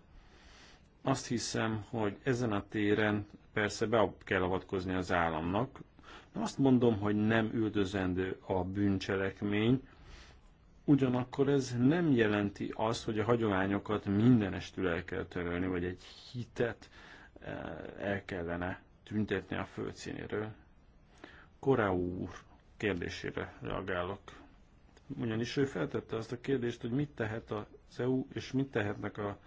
[SPEAKER 3] Azt hiszem, hogy ezen a téren persze be kell avatkozni az államnak. Azt mondom, hogy nem üldözendő a bűncselekmény, ugyanakkor ez nem jelenti azt, hogy a hagyományokat mindenestül el kell törölni, vagy egy hitet el kellene tüntetni a földszínéről. Koráú úr kérdésére reagálok ugyanis ő feltette azt a kérdést, hogy mit tehet az EU és mit tehetnek a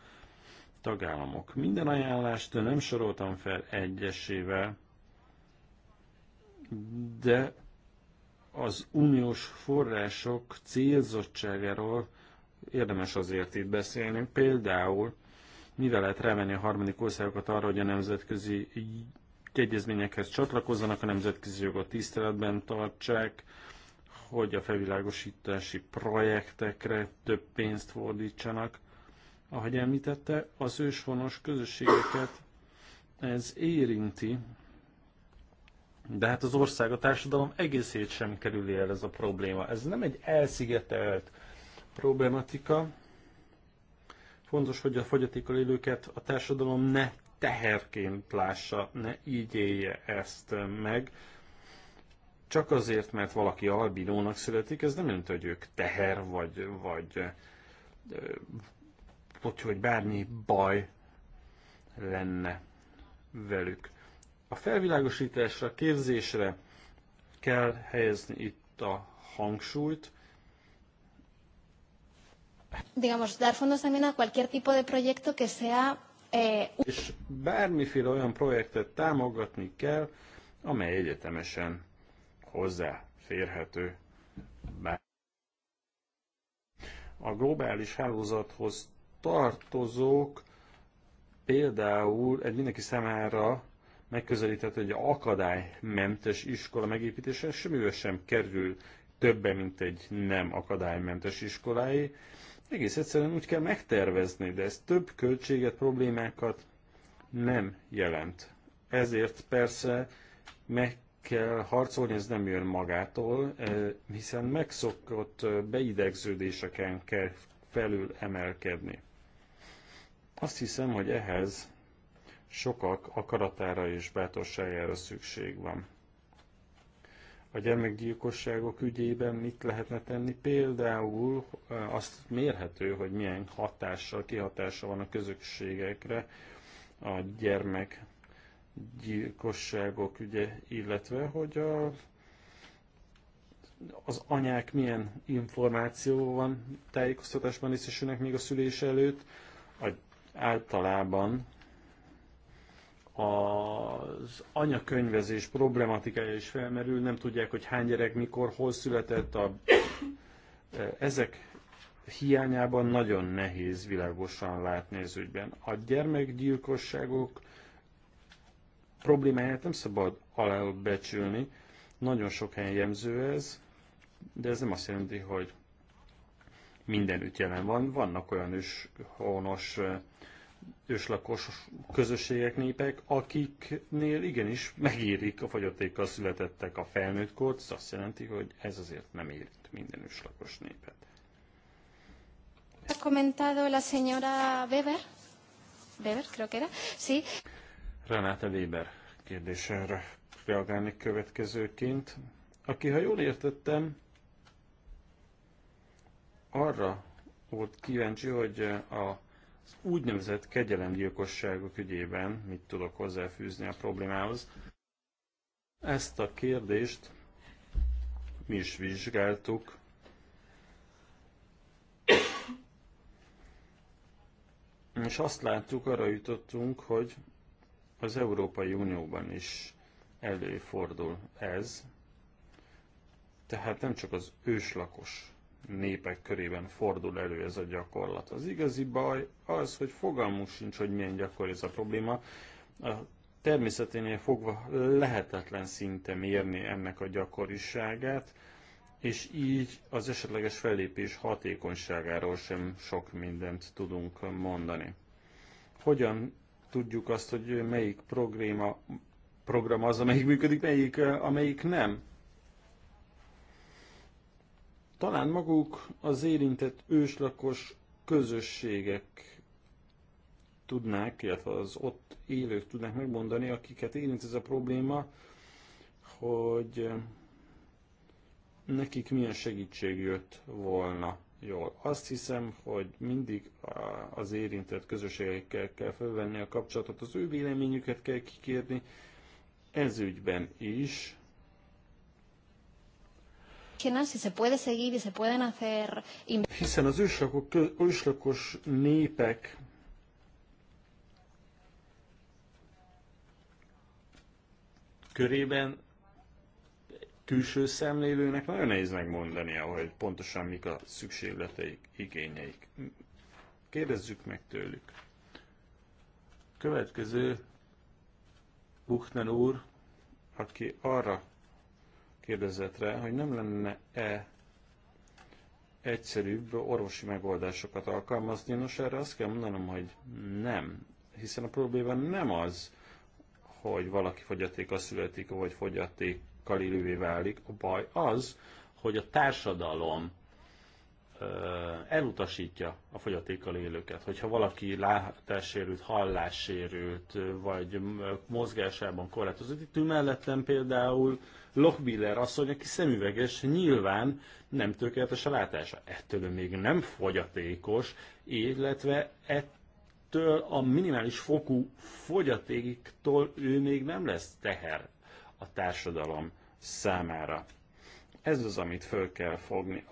[SPEAKER 3] tagállamok. Minden ajánlást nem soroltam fel egyesével, de az uniós források célzottságáról érdemes azért itt beszélni. Például mivel lehet remenni a harmadik országokat arra, hogy a nemzetközi egyezményekhez csatlakozzanak, a nemzetközi jogot tiszteletben tartsák, hogy a felvilágosítási projektekre több pénzt fordítsanak. Ahogy említette, az őshonos közösségeket ez érinti, de hát az ország, a társadalom egészét sem kerüli el ez a probléma. Ez nem egy elszigetelt problematika. Fontos, hogy a fogyatékkal élőket a társadalom ne teherként lássa, ne így élje ezt meg. Csak azért, mert valaki albinónak születik, ez nem jelenti, hogy ők teher, vagy, vagy hogy, hogy bármi baj lenne velük. A felvilágosításra, a képzésre kell helyezni itt a hangsúlyt, digamos, dar fondos también a cualquier
[SPEAKER 1] tipo de proyecto que sea... Eh,
[SPEAKER 3] És bármiféle olyan projektet támogatni kell, amely egyetemesen hozzáférhető. be. a globális hálózathoz tartozók például egy mindenki számára megközelíthető, hogy akadálymentes iskola megépítése semmivel sem kerül többe, mint egy nem akadálymentes iskolái. Egész egyszerűen úgy kell megtervezni, de ez több költséget, problémákat nem jelent. Ezért persze meg kell harcolni, ez nem jön magától, e, hiszen megszokott e, beidegződéseken kell felül emelkedni. Azt hiszem, hogy ehhez sokak akaratára és bátorságára szükség van. A gyermekgyilkosságok ügyében mit lehetne tenni? Például e, azt mérhető, hogy milyen hatással, kihatással van a közösségekre a gyermek gyilkosságok ügye, illetve hogy a, az anyák milyen van tájékoztatásban részesülnek még a szülés előtt, a, általában az anyakönyvezés problematikája is felmerül, nem tudják, hogy hány gyerek mikor, hol született, a, ezek hiányában nagyon nehéz világosan látni az ügyben. A gyermekgyilkosságok problémáját nem szabad alábecsülni. Nagyon sok helyen jemző ez, de ez nem azt jelenti, hogy mindenütt jelen van. Vannak olyan is honos őslakos közösségek, népek, akiknél igenis megérik a fogyatékkal születettek a felnőtt kort, ez azt jelenti, hogy ez azért nem érint minden őslakos népet.
[SPEAKER 1] Ha comentado la señora Weber? Weber, creo que era. Sí.
[SPEAKER 3] Renáta Weber kérdésére reagálni következőként, aki, ha jól értettem, arra volt kíváncsi, hogy a az úgynevezett kegyelemgyilkosságok ügyében mit tudok hozzáfűzni a problémához. Ezt a kérdést mi is vizsgáltuk. És azt láttuk, arra jutottunk, hogy az Európai Unióban is előfordul ez, tehát nem csak az őslakos népek körében fordul elő ez a gyakorlat. Az igazi baj az, hogy fogalmunk sincs, hogy milyen gyakori ez a probléma. A természeténél fogva lehetetlen szinte mérni ennek a gyakoriságát, és így az esetleges fellépés hatékonyságáról sem sok mindent tudunk mondani. Hogyan tudjuk azt, hogy melyik probléma, program az, amelyik működik, melyik, amelyik nem. Talán maguk az érintett őslakos közösségek tudnák, illetve az ott élők tudnák megmondani, akiket érint ez a probléma, hogy nekik milyen segítség jött volna jól. Azt hiszem, hogy mindig az érintett közösségekkel kell felvenni a kapcsolatot, az ő véleményüket kell kikérni, ez ügyben is. Hiszen az őslakok, őslakos népek körében külső szemlélőnek nagyon nehéz megmondani, hogy pontosan mik a szükségleteik, igényeik. Kérdezzük meg tőlük. Következő Buchner úr, aki arra kérdezett rá, hogy nem lenne-e egyszerűbb orvosi megoldásokat alkalmazni. Nos, erre azt kell mondanom, hogy nem. Hiszen a probléma nem az, hogy valaki fogyatéka születik, vagy fogyaték kalilővé válik. A baj az, hogy a társadalom elutasítja a fogyatékkal élőket. Hogyha valaki látássérült, hallássérült, vagy mozgásában korlátozott, itt mellettem például Lochbiller asszony, aki szemüveges, nyilván nem tökéletes a látása. Ettől még nem fogyatékos, illetve ettől a minimális fokú fogyatékiktól ő még nem lesz teher a társadalom számára. Ez az, amit föl kell fogni.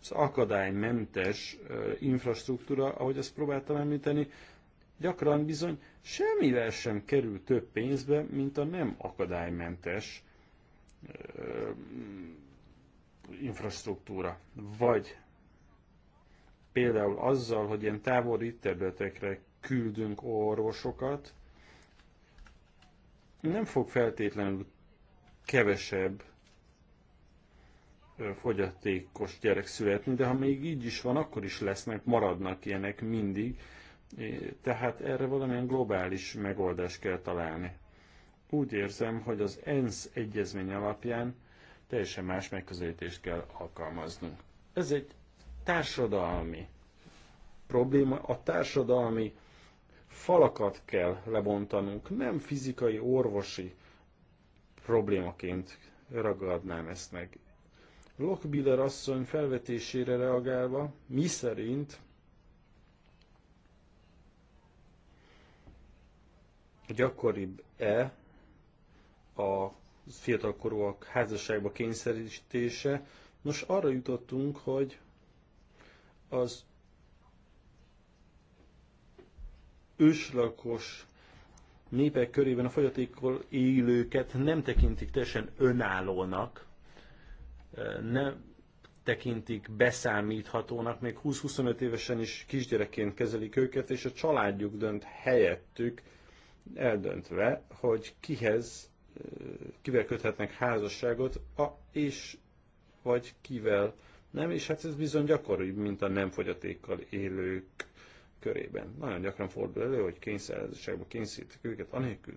[SPEAKER 3] Az akadálymentes infrastruktúra, ahogy ezt próbáltam említeni, gyakran bizony semmivel sem kerül több pénzbe, mint a nem akadálymentes infrastruktúra. Vagy például azzal, hogy ilyen távoli területekre küldünk orvosokat, nem fog feltétlenül kevesebb fogyatékos gyerek születni, de ha még így is van, akkor is lesznek, maradnak ilyenek mindig. Tehát erre valamilyen globális megoldást kell találni. Úgy érzem, hogy az ENSZ egyezmény alapján teljesen más megközelítést kell alkalmaznunk. Ez egy társadalmi probléma, a társadalmi falakat kell lebontanunk, nem fizikai, orvosi problémaként ragadnám ezt meg. Lockbiller asszony felvetésére reagálva, mi szerint gyakoribb-e a fiatalkorúak házasságba kényszerítése. Nos, arra jutottunk, hogy az őslakos népek körében a fogyatékkal élőket nem tekintik teljesen önállónak, nem tekintik beszámíthatónak, még 20-25 évesen is kisgyerekként kezelik őket, és a családjuk dönt helyettük, eldöntve, hogy kihez, kivel köthetnek házasságot, a, és vagy kivel nem, és hát ez bizony gyakoribb, mint a nem fogyatékkal élők körében. Nagyon gyakran fordul elő, hogy kényszerezésekbe kényszerítik őket, anélkül,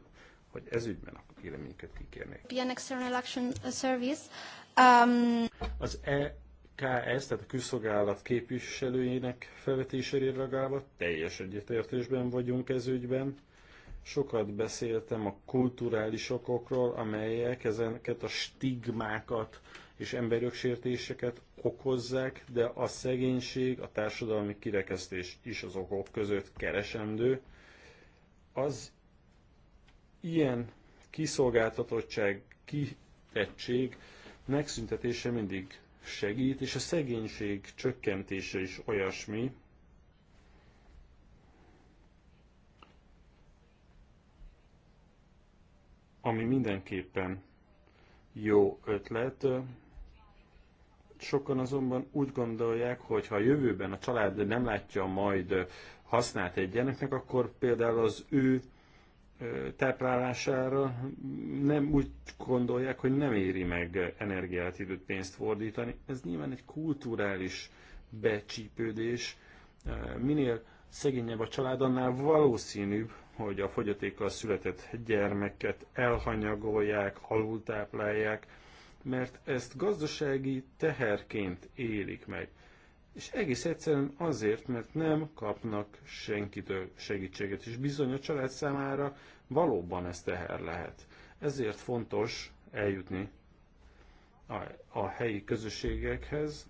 [SPEAKER 3] hogy ezügyben a véleményüket kikérnék.
[SPEAKER 1] Uh, um,
[SPEAKER 3] Az EKS, tehát a külszolgálat képviselőjének felvetésére reagálva teljes egyetértésben vagyunk ez ügyben. Sokat beszéltem a kulturális okokról, amelyek ezeket a stigmákat és emberjogsértéseket okozzák, de a szegénység, a társadalmi kirekesztés is az okok között keresendő. Az ilyen kiszolgáltatottság, kitettség megszüntetése mindig segít, és a szegénység csökkentése is olyasmi, ami mindenképpen jó ötlet. Sokan azonban úgy gondolják, hogy ha a jövőben a család nem látja majd hasznát egy gyereknek, akkor például az ő táplálására nem úgy gondolják, hogy nem éri meg energiát, időt, pénzt fordítani. Ez nyilván egy kulturális becsípődés. Minél szegényebb a család, annál valószínűbb, hogy a fogyatékkal született gyermeket elhanyagolják, alultáplálják, mert ezt gazdasági teherként élik meg. És egész egyszerűen azért, mert nem kapnak senkitől segítséget, és bizony a család számára valóban ez teher lehet. Ezért fontos eljutni a, a helyi közösségekhez,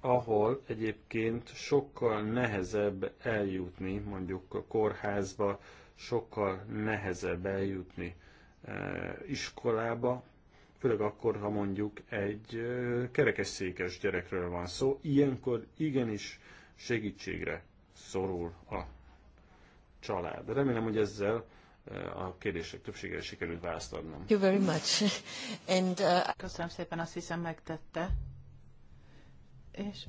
[SPEAKER 3] ahol egyébként sokkal nehezebb eljutni, mondjuk a kórházba, sokkal nehezebb eljutni iskolába, főleg akkor, ha mondjuk egy kerekesszékes gyerekről van szó, ilyenkor igenis segítségre szorul a család. Remélem, hogy ezzel a kérdések többségére sikerült választ adnom. you very much.
[SPEAKER 2] [LAUGHS] And, uh... Köszönöm szépen, azt hiszem megtette. És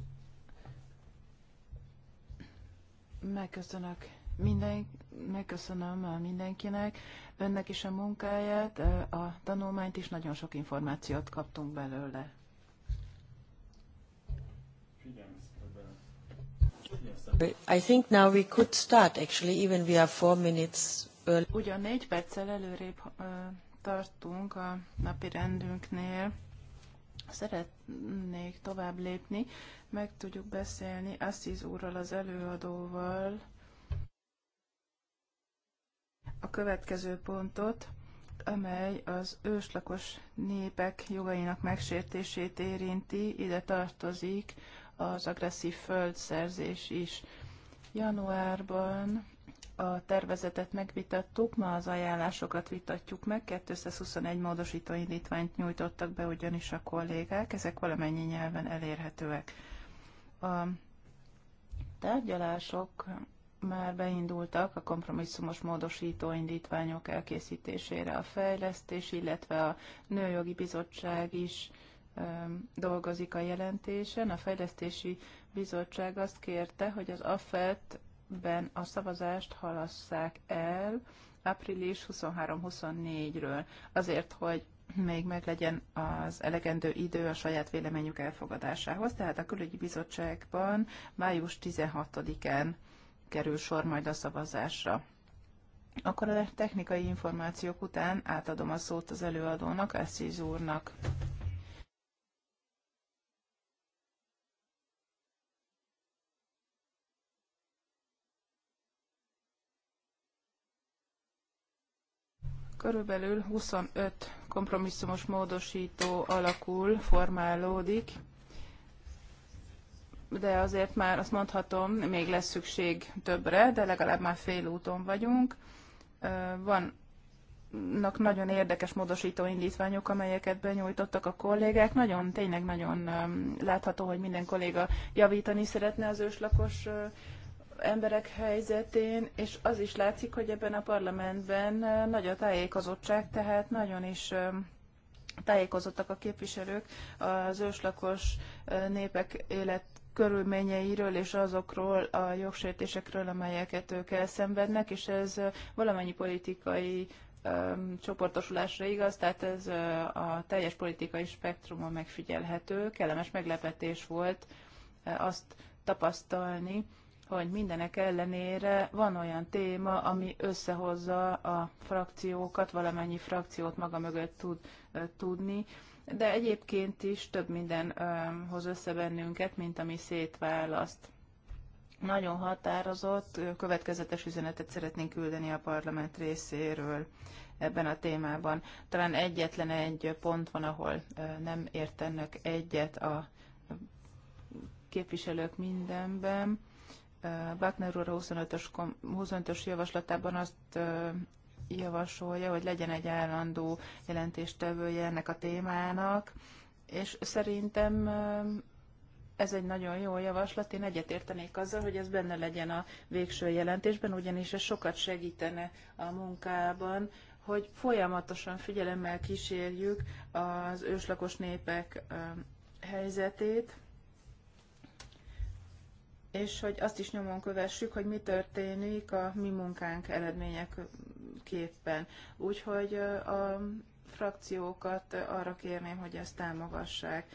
[SPEAKER 2] megköszönök minden, megköszönöm mindenkinek, önnek is a munkáját, a tanulmányt is, nagyon sok információt kaptunk belőle. I think now we could start actually, even we are four minutes early. Ugyan négy perccel előrébb tartunk a napi rendünknél. Szeretnék tovább lépni, meg tudjuk beszélni Assis úrral az előadóval, a következő pontot, amely az őslakos népek jogainak megsértését érinti, ide tartozik az agresszív földszerzés is. Januárban a tervezetet megvitattuk, ma az ajánlásokat vitatjuk meg, 221 módosító indítványt nyújtottak be ugyanis a kollégák, ezek valamennyi nyelven elérhetőek. A tárgyalások már beindultak a kompromisszumos módosító indítványok elkészítésére a fejlesztés, illetve a Nőjogi Bizottság is dolgozik a jelentésen. A Fejlesztési Bizottság azt kérte, hogy az AFET-ben a szavazást halasszák el április 23-24-ről, azért, hogy még meg legyen az elegendő idő a saját véleményük elfogadásához. Tehát a külügyi bizottságban május 16-án kerül sor majd a szavazásra. Akkor a technikai információk után átadom a szót az előadónak, Assis úrnak. Körülbelül 25 kompromisszumos módosító alakul, formálódik de azért már azt mondhatom, még lesz szükség többre, de legalább már fél úton vagyunk. Van nagyon érdekes módosító indítványok, amelyeket benyújtottak a kollégák. Nagyon, tényleg nagyon látható, hogy minden kolléga javítani szeretne az őslakos emberek helyzetén, és az is látszik, hogy ebben a parlamentben nagy a tájékozottság, tehát nagyon is tájékozottak a képviselők az őslakos népek élet körülményeiről és azokról a jogsértésekről, amelyeket ők elszenvednek, és ez valamennyi politikai um, csoportosulásra igaz, tehát ez a teljes politikai spektrumon megfigyelhető. Kellemes meglepetés volt azt tapasztalni, hogy mindenek ellenére van olyan téma, ami összehozza a frakciókat, valamennyi frakciót maga mögött tud tudni de egyébként is több minden hoz össze bennünket, mint ami szétválaszt. Nagyon határozott, következetes üzenetet szeretnénk küldeni a parlament részéről ebben a témában. Talán egyetlen egy pont van, ahol nem értenek egyet a képviselők mindenben. Wagner úr 25-ös, 25-ös javaslatában azt javasolja, hogy legyen egy állandó jelentéstevője ennek a témának, és szerintem ez egy nagyon jó javaslat, én egyetértenék azzal, hogy ez benne legyen a végső jelentésben, ugyanis ez sokat segítene a munkában, hogy folyamatosan figyelemmel kísérjük az őslakos népek helyzetét, és hogy azt is nyomon kövessük, hogy mi történik a mi munkánk eredmények képpen. Úgyhogy a frakciókat arra kérném, hogy ezt támogassák.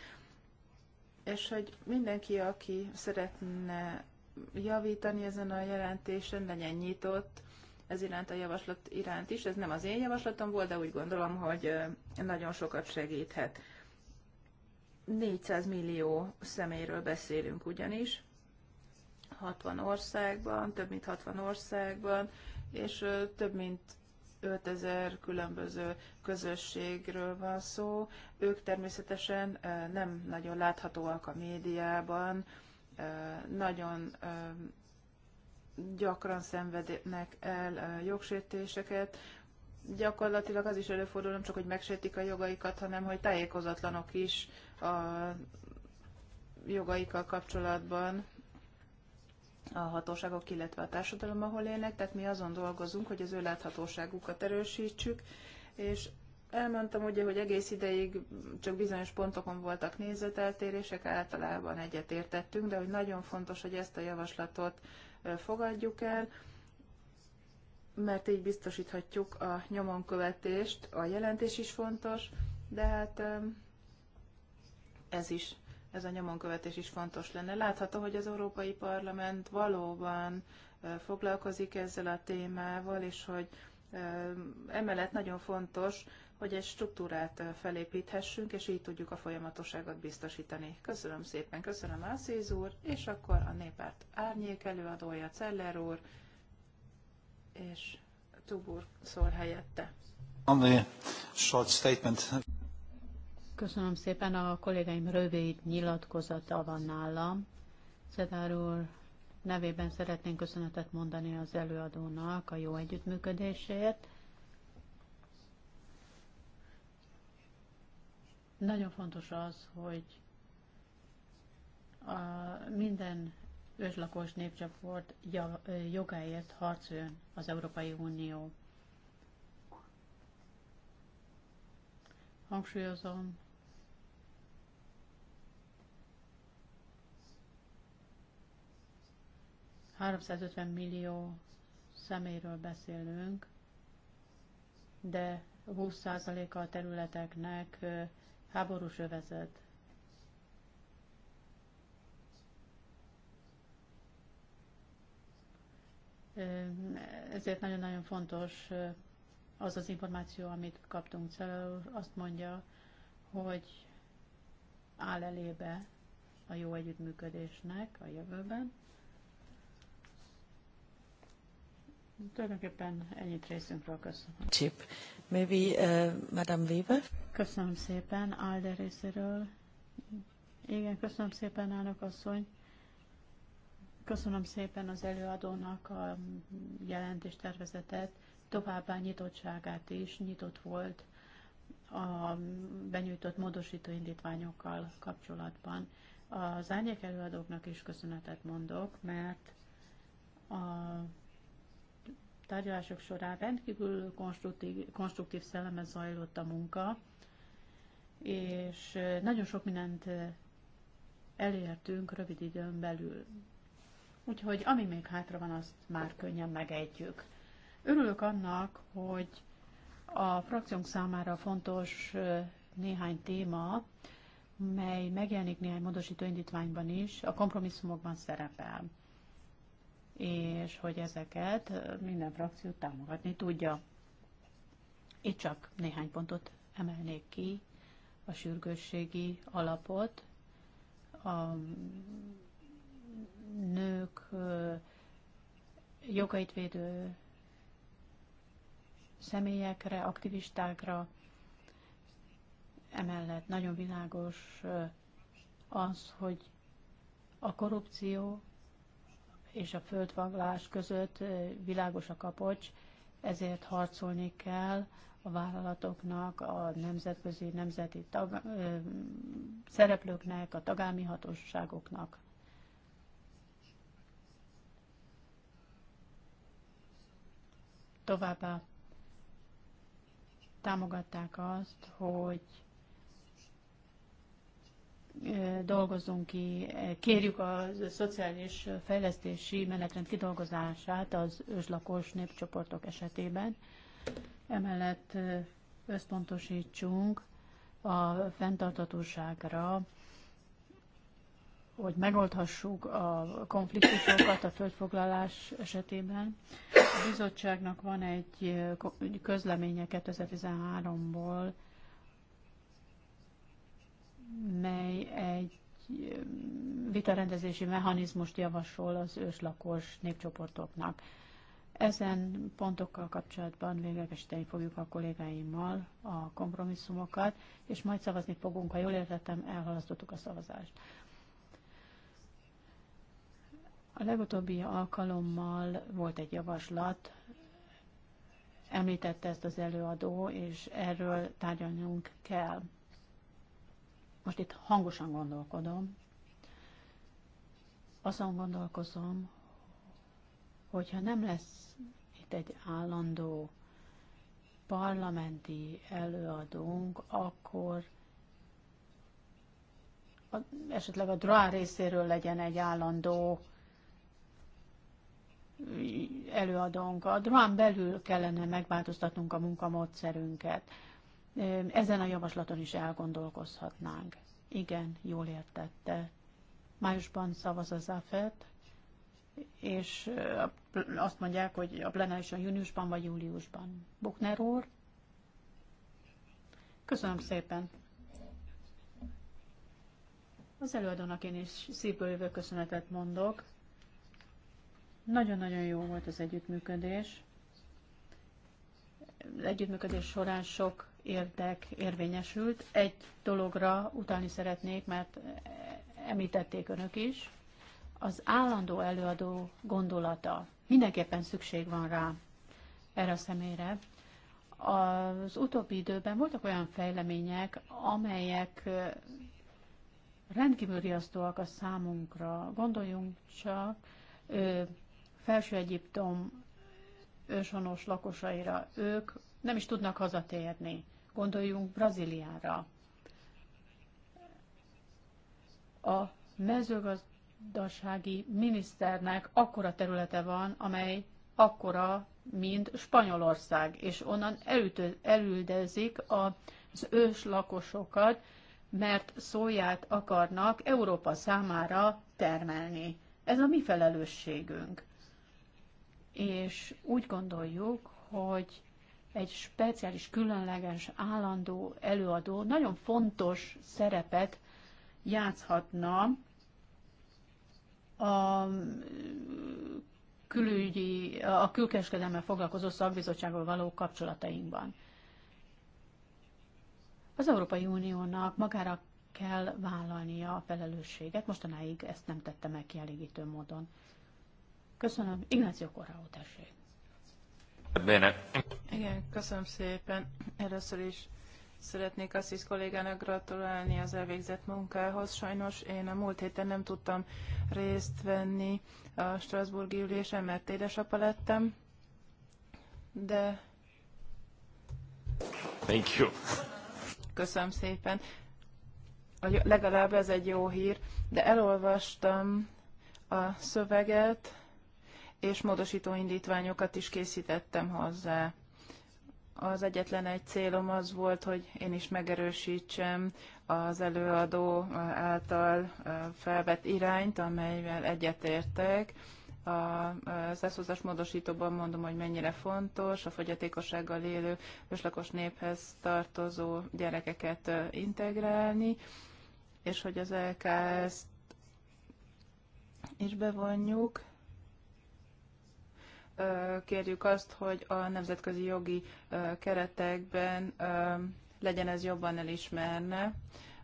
[SPEAKER 2] És hogy mindenki, aki szeretne javítani ezen a jelentésen, legyen nyitott ez iránt a javaslat iránt is. Ez nem az én javaslatom volt, de úgy gondolom, hogy nagyon sokat segíthet. 400 millió személyről beszélünk ugyanis, 60 országban, több mint 60 országban, és több mint 5000 különböző közösségről van szó. Ők természetesen nem nagyon láthatóak a médiában, nagyon gyakran szenvednek el jogsértéseket. Gyakorlatilag az is előfordul, nem csak, hogy megsértik a jogaikat, hanem hogy tájékozatlanok is a jogaikkal kapcsolatban a hatóságok, illetve a társadalom, ahol élnek, tehát mi azon dolgozunk, hogy az ő láthatóságukat erősítsük, és elmondtam ugye, hogy egész ideig csak bizonyos pontokon voltak nézeteltérések, általában egyet értettünk, de hogy nagyon fontos, hogy ezt a javaslatot fogadjuk el, mert így biztosíthatjuk a nyomonkövetést, a jelentés is fontos, de hát ez is ez a nyomonkövetés is fontos lenne. Látható, hogy az Európai Parlament valóban foglalkozik ezzel a témával, és hogy emellett nagyon fontos, hogy egy struktúrát felépíthessünk, és így tudjuk a folyamatosságot biztosítani. Köszönöm szépen, köszönöm Ászéz úr, és akkor a néppárt árnyék előadója Celler úr, és Tubur szól helyette. On the short statement.
[SPEAKER 1] Köszönöm szépen, a kollégáim rövid nyilatkozata van nálam. Szedár úr, nevében szeretnénk köszönetet mondani az előadónak a jó együttműködésért. Nagyon fontos az, hogy a minden őslakos népcsoport jogáért harcoljon az Európai Unió. Hangsúlyozom, 350 millió szeméről beszélünk, de 20%-a a területeknek háborús övezet. Ezért nagyon-nagyon fontos az az információ, amit kaptunk. Celor azt mondja, hogy áll elébe a jó együttműködésnek a jövőben. Tulajdonképpen ennyit részünkről köszönöm. Chip. Maybe uh, Madame Weber? Köszönöm szépen Alder részéről. Igen, köszönöm szépen, elnök asszony. Köszönöm szépen az előadónak a jelentéstervezetet, továbbá nyitottságát is, nyitott volt a benyújtott módosító indítványokkal kapcsolatban. Az árnyék előadóknak is köszönetet mondok, mert a tárgyalások során rendkívül konstruktív, konstruktív szelleme zajlott a munka, és nagyon sok mindent elértünk rövid időn belül. Úgyhogy ami még hátra van, azt már könnyen megejtjük. Örülök annak, hogy a frakciónk számára fontos néhány téma, mely megjelenik néhány módosító indítványban is, a kompromisszumokban szerepel és hogy ezeket minden frakció támogatni tudja. Itt csak néhány pontot emelnék ki, a sürgősségi alapot, a nők jogait védő személyekre, aktivistákra, emellett nagyon világos az, hogy a korrupció és a földvaglás között világos a kapocs, ezért harcolni kell a vállalatoknak, a nemzetközi, nemzeti tag, ö, szereplőknek, a tagállami hatóságoknak. Továbbá támogatták azt, hogy dolgozunk ki, kérjük a szociális fejlesztési menetrend kidolgozását az őslakos népcsoportok esetében. Emellett összpontosítsunk a fenntartatóságra, hogy megoldhassuk a konfliktusokat a földfoglalás esetében. A bizottságnak van egy közleménye 2013-ból, mely egy vitarendezési mechanizmust javasol az őslakos népcsoportoknak. Ezen pontokkal kapcsolatban véglegesíteni fogjuk a kollégáimmal a kompromisszumokat, és majd szavazni fogunk, ha jól értettem, elhalasztottuk a szavazást. A legutóbbi alkalommal volt egy javaslat, említette ezt az előadó, és erről tárgyalnunk kell most itt hangosan gondolkodom, azon gondolkozom, hogyha nem lesz itt egy állandó parlamenti előadónk, akkor a, esetleg a drá részéről legyen egy állandó előadónk. A drán belül kellene megváltoztatnunk a munkamódszerünket. Ezen a javaslaton is elgondolkozhatnánk. Igen, jól értette. Májusban szavaz az AFET, és azt mondják, hogy a plenárison júniusban vagy júliusban. Buchner úr? Köszönöm szépen. Az előadónak én is szívből jövő köszönetet mondok. Nagyon-nagyon jó volt az együttműködés. Az együttműködés során sok érdek érvényesült. Egy dologra utalni szeretnék, mert említették önök is, az állandó előadó gondolata. Mindenképpen szükség van rá erre a személyre. Az utóbbi időben voltak olyan fejlemények, amelyek rendkívül riasztóak a számunkra. Gondoljunk csak Felső Egyiptom őshonos lakosaira. Ők nem is tudnak hazatérni. Gondoljunk Brazíliára. A mezőgazdasági miniszternek akkora területe van, amely akkora, mint Spanyolország, és onnan elütö, elüldezik az őslakosokat, mert szóját akarnak Európa számára termelni. Ez a mi felelősségünk. És úgy gondoljuk, hogy egy speciális, különleges, állandó előadó nagyon fontos szerepet játszhatna a külügyi, a külkereskedelmmel foglalkozó szakbizottsággal való kapcsolatainkban. Az Európai Uniónak magára kell vállalnia a felelősséget, mostanáig ezt nem tette meg kielégítő módon.
[SPEAKER 2] Köszönöm, Ignáció Korráó, tessék! Bene. Igen, köszönöm szépen. Először is szeretnék is kollégának gratulálni az elvégzett munkához. Sajnos én a múlt héten nem tudtam részt venni a Strasburgi ülésen, mert édesapa lettem, de... Thank you. Köszönöm szépen. Legalább ez egy jó hír, de elolvastam a szöveget, és módosító indítványokat is készítettem hozzá. Az egyetlen egy célom az volt, hogy én is megerősítsem az előadó által felvett irányt, amelyvel egyetértek. A 120 módosítóban mondom, hogy mennyire fontos a fogyatékossággal élő őslakos néphez tartozó gyerekeket integrálni, és hogy az LKS-t is bevonjuk, kérjük azt, hogy a nemzetközi jogi keretekben legyen ez jobban elismerne.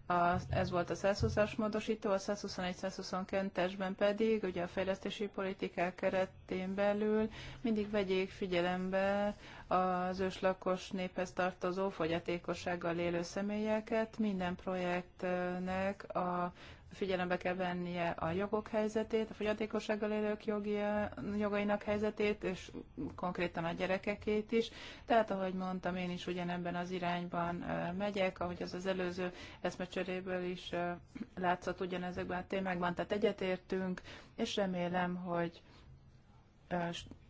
[SPEAKER 2] A, ez volt a 120-as módosító, a 121-122-esben pedig, ugye a fejlesztési politikák keretén belül mindig vegyék figyelembe az őslakos néphez tartozó fogyatékossággal élő személyeket minden projektnek a figyelembe kell vennie a jogok helyzetét, a fogyatékossággal élők jogi, jogainak helyzetét, és konkrétan a gyerekekét is. Tehát, ahogy mondtam, én is ugyanebben az irányban megyek, ahogy az az előző eszmecseréből is látszott ugyanezekben a témákban, tehát egyetértünk, és remélem, hogy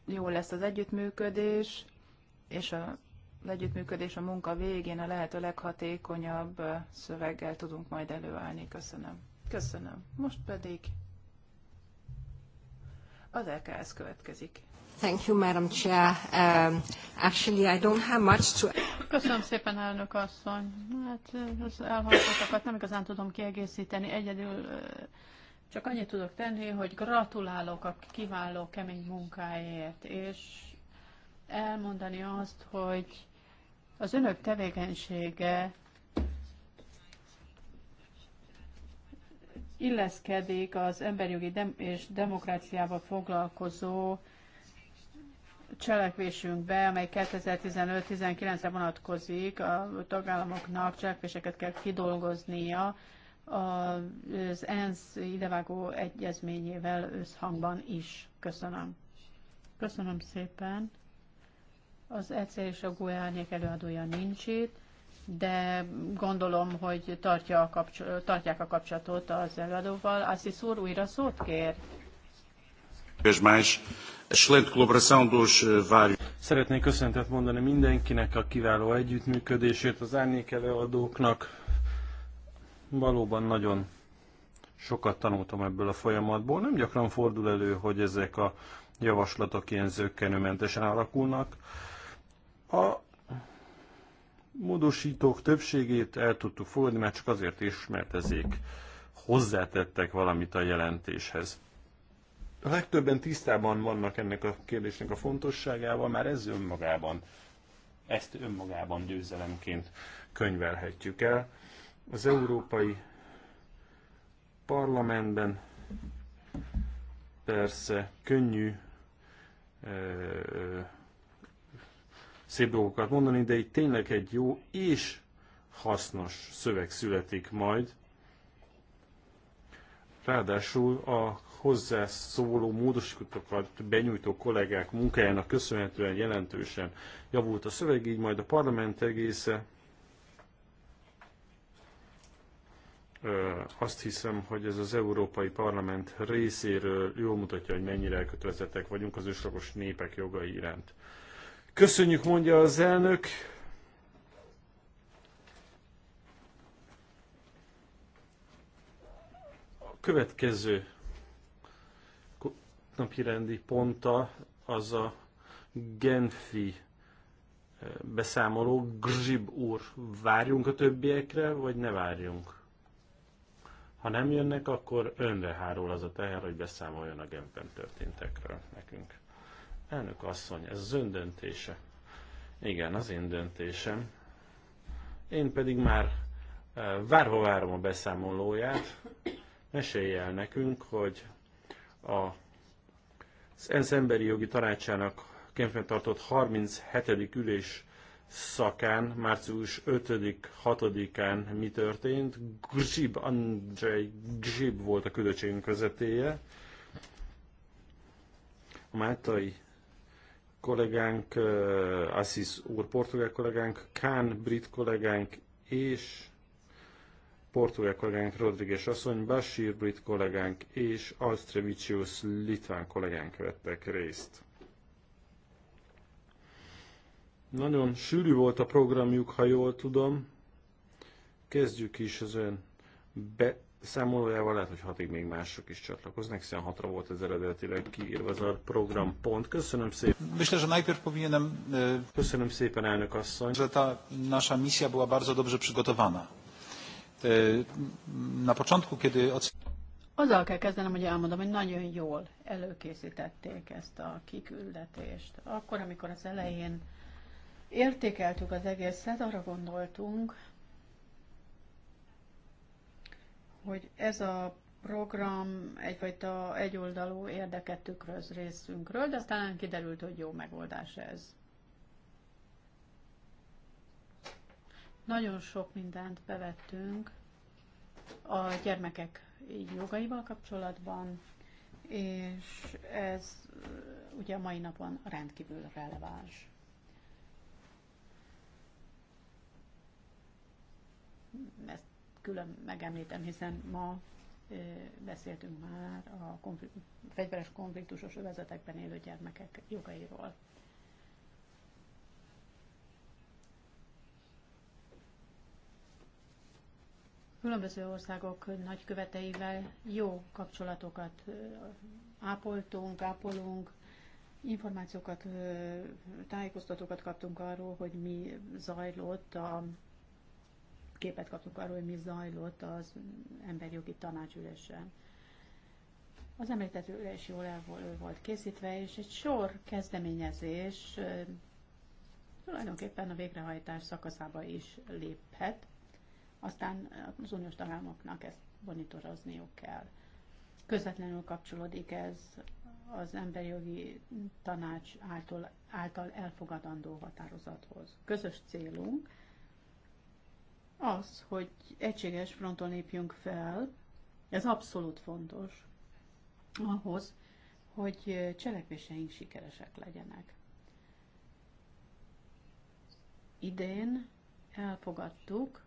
[SPEAKER 2] jó lesz az együttműködés, és a az együttműködés a munka végén a lehető leghatékonyabb szöveggel tudunk majd előállni. Köszönöm. Köszönöm. Most pedig az LKS következik. Thank you, Madam Chair. Um, actually, I don't have much to...
[SPEAKER 1] Köszönöm szépen, elnök asszony. Hát az elhangzottakat nem igazán tudom kiegészíteni. Egyedül csak annyit tudok tenni, hogy gratulálok a kiváló kemény munkáért, és elmondani azt, hogy az önök tevékenysége illeszkedik az emberjogi dem- és demokráciával foglalkozó cselekvésünkbe, amely 2015-19-re vonatkozik, a tagállamoknak cselekvéseket kell kidolgoznia az ENSZ idevágó egyezményével összhangban is. Köszönöm. Köszönöm szépen. Az ECE és a GUE előadója nincs itt de gondolom, hogy tartja a kapcsol- tartják a kapcsolatot az előadóval. Assis úr újra szót kér.
[SPEAKER 3] Eh, Szeretnék köszöntet mondani mindenkinek a kiváló együttműködését az árnyék előadóknak. Valóban nagyon sokat tanultam ebből a folyamatból. Nem gyakran fordul elő, hogy ezek a javaslatok ilyen zöggenőmentesen alakulnak. A módosítók többségét el tudtuk fogadni, mert csak azért is, mert ezek hozzátettek valamit a jelentéshez. A legtöbben tisztában vannak ennek a kérdésnek a fontosságával, már ez önmagában, ezt önmagában győzelemként könyvelhetjük el. Az Európai Parlamentben persze könnyű eh, szép dolgokat mondani, de itt tényleg egy jó és hasznos szöveg születik majd. Ráadásul a hozzászóló módosítókat benyújtó kollégák munkájának köszönhetően jelentősen javult a szöveg, így majd a parlament egésze. Azt hiszem, hogy ez az Európai Parlament részéről jól mutatja, hogy mennyire elkötelezettek vagyunk az őslagos népek jogai iránt. Köszönjük, mondja az elnök. A következő napirendi ponta az a Genfi eh, beszámoló. Grzsib úr, várjunk a többiekre, vagy ne várjunk? Ha nem jönnek, akkor önre hárul az a teher, hogy beszámoljon a Genfen történtekről nekünk. Elnök asszony, ez az ön döntése. Igen, az én döntésem. Én pedig már eh, várva várom a beszámolóját. Mesélj el nekünk, hogy a, az ENSZ Emberi Jogi Tanácsának Genfben tartott 37. ülés szakán, március 5.-6-án mi történt. Gzsib Andrzej Gzsib volt a küldöttségünk vezetője. A Máltai kollégánk, Assis úr portugál kollégánk, Kán brit kollégánk és portugál kollégánk Rodriguez asszony, Bashir brit kollégánk és Alstrevicius litván kollégánk vettek részt. Nagyon sűrű volt a programjuk, ha jól tudom. Kezdjük is az ön be számolójával, lehet, hogy hatig még mások is csatlakoznak, hiszen hatra volt az eredetileg kiírva az a program pont. Köszönöm szépen.
[SPEAKER 2] Myślę, że najpierw powinienem... E, Köszönöm szépen, elnök asszony. Że ta nasza misja była bardzo dobrze przygotowana. E, na początku, kiedy...
[SPEAKER 1] Azzal kell kezdenem, hogy elmondom, hogy nagyon jól előkészítették ezt a kiküldetést. Akkor, amikor az elején értékeltük az egészet, arra gondoltunk, hogy ez a program egyfajta egyoldalú érdeket tükröz részünkről, de aztán kiderült, hogy jó megoldás ez. Nagyon sok mindent bevettünk a gyermekek jogaival kapcsolatban, és ez uh, ugye a mai napon rendkívül releváns. Ezt külön megemlítem, hiszen ma beszéltünk már a konflikt, fegyveres konfliktusos övezetekben élő gyermekek jogairól. Különböző országok nagyköveteivel jó kapcsolatokat ápoltunk, ápolunk, információkat, tájékoztatókat kaptunk arról, hogy mi zajlott a képet kaptunk arról, hogy mi zajlott az emberjogi tanácsülésen. Az említett ülés jól el volt készítve, és egy sor kezdeményezés tulajdonképpen a végrehajtás szakaszába is léphet. Aztán az uniós tagállamoknak ezt monitorozniuk kell. Közvetlenül kapcsolódik ez az emberi jogi tanács által, által elfogadandó határozathoz. Közös célunk, az, hogy egységes fronton lépjünk fel, ez abszolút fontos ahhoz, hogy cselekvéseink sikeresek legyenek. Idén elfogadtuk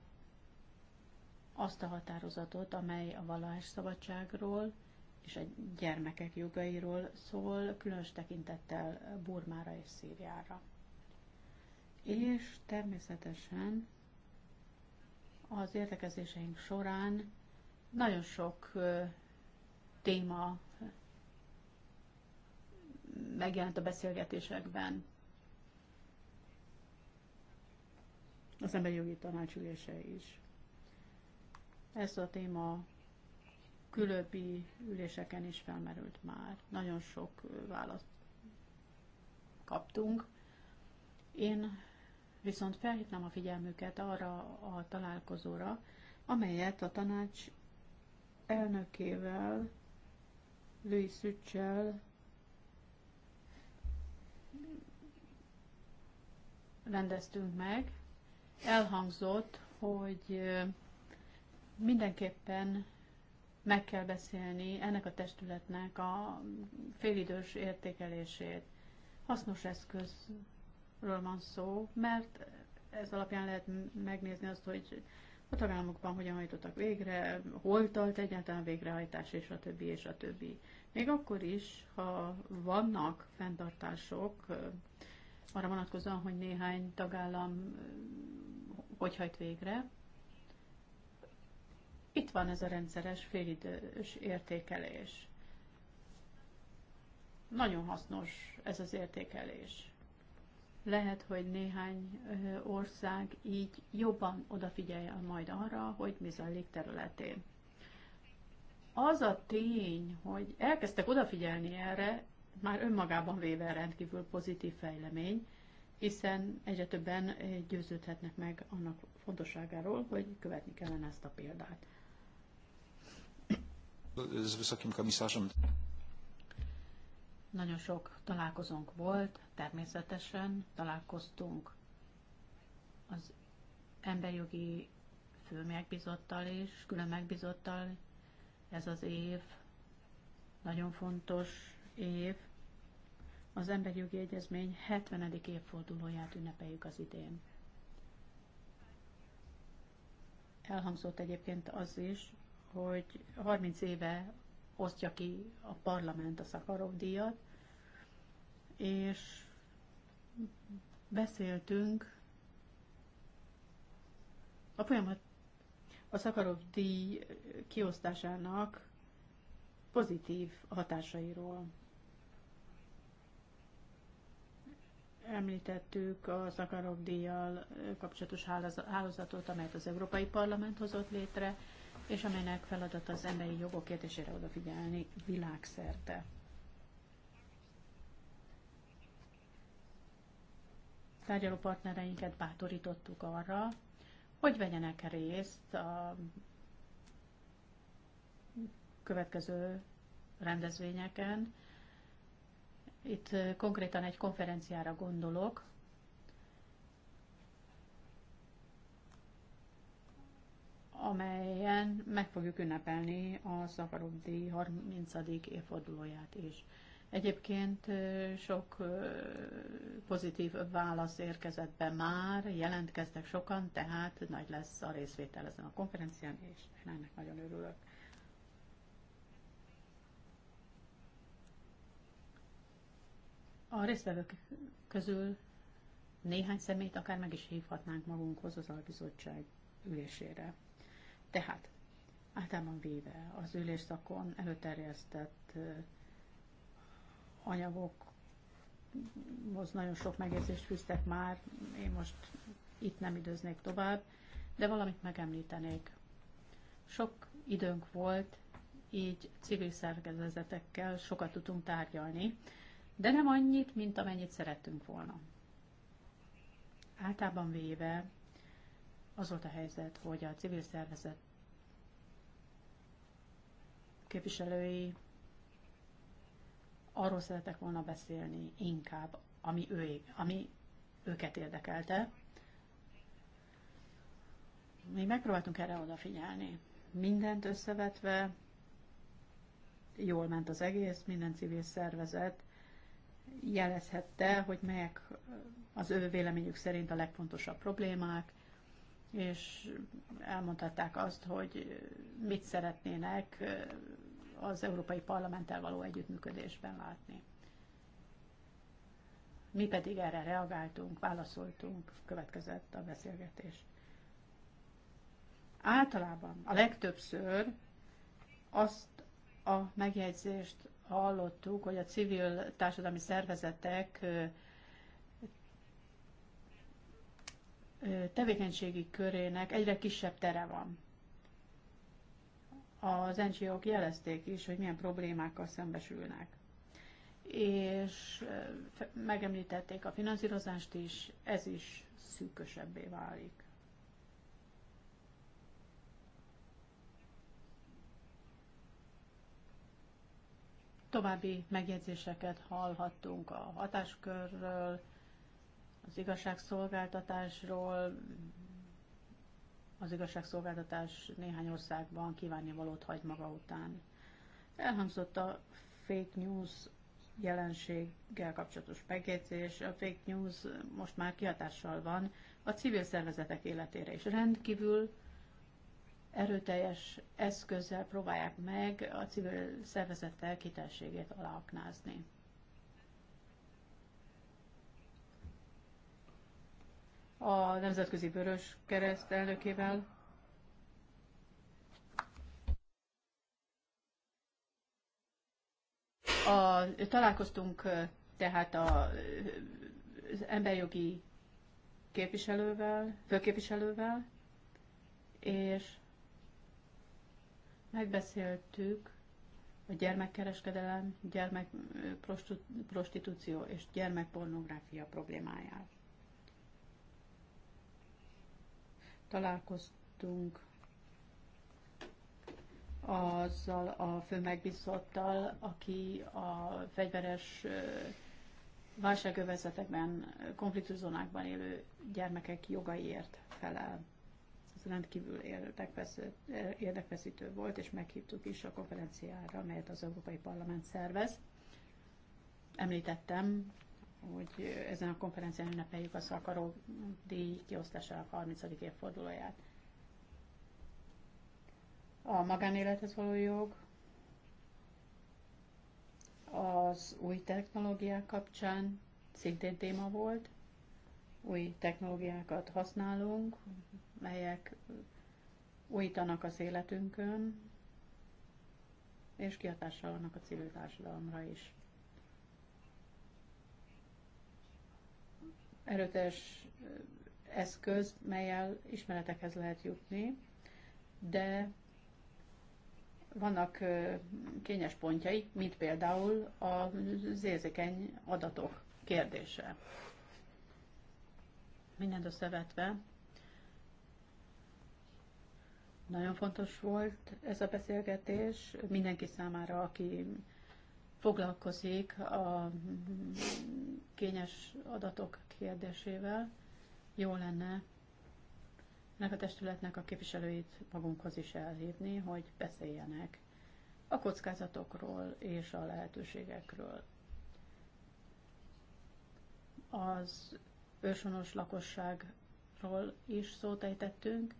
[SPEAKER 1] azt a határozatot, amely a vallásszabadságról és a gyermekek jogairól szól, különös tekintettel Burmára és Szíriára. És természetesen az értekezéseink során nagyon sok téma megjelent a beszélgetésekben. Az emberi jogi tanácsülése is. Ez a téma különböző üléseken is felmerült már. Nagyon sok választ kaptunk. Én viszont felhívnám a figyelmüket arra a találkozóra, amelyet a tanács elnökével, Louis Sütchel rendeztünk meg. Elhangzott, hogy mindenképpen meg kell beszélni ennek a testületnek a félidős értékelését. Hasznos eszköz ről van szó, mert ez alapján lehet megnézni azt, hogy a tagállamokban hogyan hajtottak végre, hol tart egyáltalán végrehajtás, és a többi, és a többi. Még akkor is, ha vannak fenntartások, arra vonatkozóan, hogy néhány tagállam hogy hajt végre, itt van ez a rendszeres félidős értékelés. Nagyon hasznos ez az értékelés. Lehet, hogy néhány ország így jobban odafigyel majd arra, hogy mi zajlik területén. Az a tény, hogy elkezdtek odafigyelni erre, már önmagában véve rendkívül pozitív fejlemény, hiszen egyre többen győződhetnek meg annak fontosságáról, hogy követni kellene ezt a példát. Ez nagyon sok találkozónk volt, természetesen találkoztunk az emberjogi főmegbizottal és külön megbizottal. Ez az év nagyon fontos év. Az emberjogi egyezmény 70. évfordulóját ünnepeljük az idén. Elhangzott egyébként az is, hogy 30 éve osztja ki a parlament a Szakarov díjat, és beszéltünk a folyamat a Szakarov díj kiosztásának pozitív hatásairól. Említettük a Szakarov díjjal kapcsolatos hálózatot, amelyet az Európai Parlament hozott létre, és amelynek feladata az emberi jogok kérdésére odafigyelni világszerte. tárgyaló partnereinket bátorítottuk arra, hogy vegyenek részt a következő rendezvényeken. Itt konkrétan egy konferenciára gondolok, amelyen meg fogjuk ünnepelni a Szakarov 30. évfordulóját is. Egyébként sok pozitív válasz érkezett be már, jelentkeztek sokan, tehát nagy lesz a részvétel ezen a konferencián, és én ennek nagyon örülök. A résztvevők közül néhány szemét akár meg is hívhatnánk magunkhoz az albizottság ülésére. Tehát általában véve az ülésszakon előterjesztett anyagokhoz nagyon sok megérzést fűztek már, én most itt nem időznék tovább, de valamit megemlítenék. Sok időnk volt, így civil szervezetekkel sokat tudtunk tárgyalni, de nem annyit, mint amennyit szerettünk volna. Általában véve az volt a helyzet, hogy a civil szervezet képviselői arról szeretek volna beszélni inkább, ami, ő, ami őket érdekelte. Mi megpróbáltunk erre odafigyelni. Mindent összevetve, jól ment az egész, minden civil szervezet jelezhette, hogy melyek az ő véleményük szerint a legfontosabb problémák, és elmondhatták azt, hogy mit szeretnének az Európai Parlamenttel való együttműködésben látni. Mi pedig erre reagáltunk, válaszoltunk, következett a beszélgetés. Általában, a legtöbbször azt a megjegyzést hallottuk, hogy a civil társadalmi szervezetek tevékenységi körének egyre kisebb tere van az NGO-k jelezték is, hogy milyen problémákkal szembesülnek. És megemlítették a finanszírozást is, ez is szűkösebbé válik. További megjegyzéseket hallhattunk a hatáskörről, az igazságszolgáltatásról, az igazságszolgáltatás néhány országban kívánni valót hagy maga után. Elhangzott a fake news jelenséggel kapcsolatos megjegyzés. A fake news most már kihatással van a civil szervezetek életére is. Rendkívül erőteljes eszközzel próbálják meg a civil szervezetek hitelségét aláaknázni. a Nemzetközi Vörös Kereszt elnökével. A, találkoztunk tehát a, az emberjogi képviselővel, főképviselővel, és megbeszéltük a gyermekkereskedelem, gyermekprostitúció és gyermekpornográfia problémáját. találkoztunk azzal a főmegbízottal, aki a fegyveres válságövezetekben, konfliktuszónákban élő gyermekek jogaiért felel. Ez rendkívül érdekfeszítő volt, és meghívtuk is a konferenciára, amelyet az Európai Parlament szervez. Említettem, hogy ezen a konferencián ünnepeljük a szakaró díj kiosztásának 30. évfordulóját. A magánélethez való jog, az új technológiák kapcsán szintén téma volt. Új technológiákat használunk, melyek újítanak az életünkön, és kihatással vannak a civil társadalomra is. erőteljes eszköz, melyel ismeretekhez lehet jutni, de vannak kényes pontjai, mint például az érzékeny adatok kérdése. Mindent összevetve, nagyon fontos volt ez a beszélgetés mindenki számára, aki foglalkozik a kényes adatok kérdésével. Jó lenne ennek a testületnek a képviselőit magunkhoz is elhívni, hogy beszéljenek a kockázatokról és a lehetőségekről. Az őshonos lakosságról is szót ejtettünk,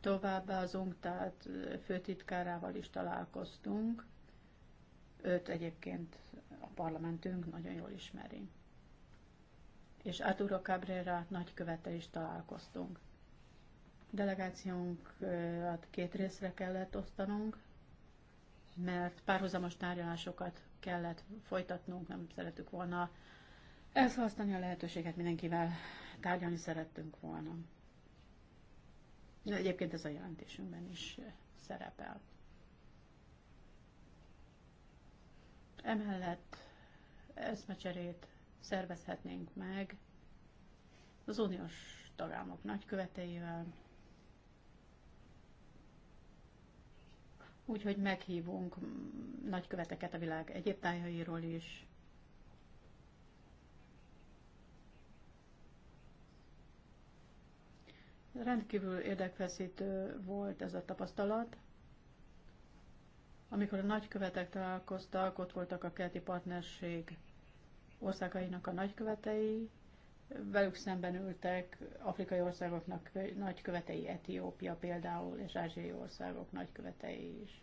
[SPEAKER 1] továbbá az UNCTAD főtitkárával is találkoztunk, Őt egyébként a parlamentünk nagyon jól ismeri. És Arturo Cabrera nagykövete is találkoztunk. Delegációnkat két részre kellett osztanunk, mert párhuzamos tárgyalásokat kellett folytatnunk, nem szeretük volna elszhasztani a lehetőséget, mindenkivel tárgyalni szerettünk volna. Egyébként ez a jelentésünkben is szerepel. Emellett eszmecserét szervezhetnénk meg az uniós tagállamok nagyköveteivel, úgyhogy meghívunk nagyköveteket a világ egyéb tájairól is, Rendkívül érdekfeszítő volt ez a tapasztalat. Amikor a nagykövetek találkoztak, ott voltak a keleti partnerség országainak a nagykövetei, velük szemben ültek afrikai országoknak nagykövetei, Etiópia például, és ázsiai országok nagykövetei is.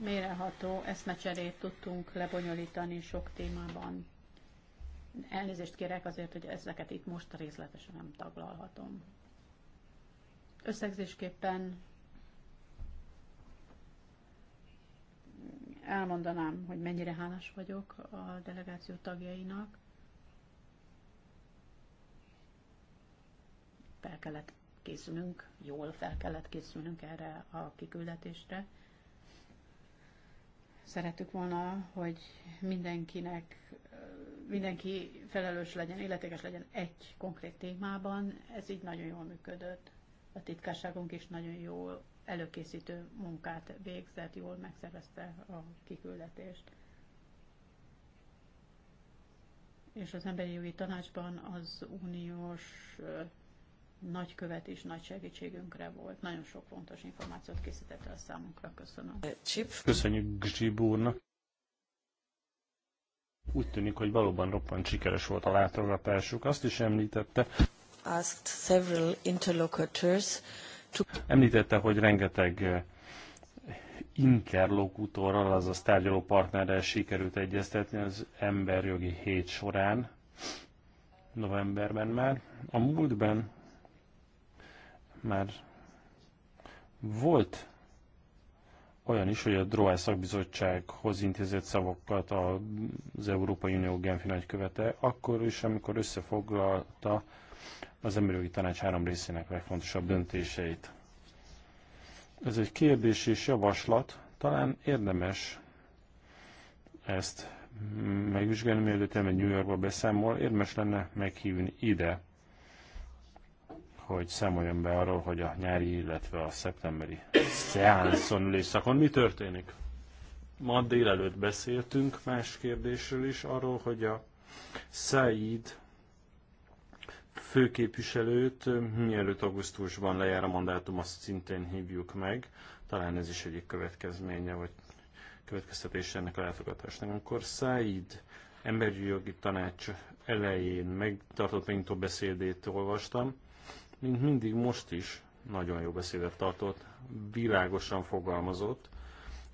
[SPEAKER 1] Méreható eszmecserét tudtunk lebonyolítani sok témában. Elnézést kérek azért, hogy ezeket itt most részletesen nem taglalhatom. Összegzésképpen elmondanám, hogy mennyire hálás vagyok a delegáció tagjainak. Fel kellett készülnünk, jól fel kellett készülnünk erre a kiküldetésre. Szerettük volna, hogy mindenkinek, mindenki felelős legyen, illetékes legyen egy konkrét témában. Ez így nagyon jól működött. A titkárságunk is nagyon jól előkészítő munkát végzett, jól megszerezte a kiküldetést. És az Emberi Jogi Tanácsban az uniós nagykövet is nagy segítségünkre volt. Nagyon sok fontos információt készítette a számunkra. Köszönöm. Eh, Csip.
[SPEAKER 3] Köszönjük Gzsib úrnak. Úgy tűnik, hogy valóban roppant sikeres volt a látogatásuk. Azt is említette.
[SPEAKER 1] Asked several interlocutors Említette,
[SPEAKER 3] hogy rengeteg eh, interlokutorral, azaz tárgyaló partnerrel sikerült egyeztetni az emberjogi hét során, novemberben már. A múltban már volt olyan is, hogy a DROE szakbizottsághoz intézett szavakat az Európai Unió Genfi nagykövete, akkor is, amikor összefoglalta az emberi tanács három részének legfontosabb döntéseit. Ez egy kérdés és javaslat, talán érdemes ezt megvizsgálni, mielőtt elmegy New Yorkba beszámol, érdemes lenne meghívni ide, hogy számoljon be arról, hogy a nyári, illetve a szeptemberi szeánszon ülésszakon mi történik. Ma délelőtt beszéltünk más kérdésről is, arról, hogy a Said főképviselőt, mielőtt augusztusban lejár a mandátum, azt szintén hívjuk meg. Talán ez is egyik következménye, vagy következtetése ennek a látogatásnak. Amikor Száid emberi jogi tanács elején megtartott megnyitó beszédét olvastam, mint mindig most is nagyon jó beszédet tartott, világosan fogalmazott,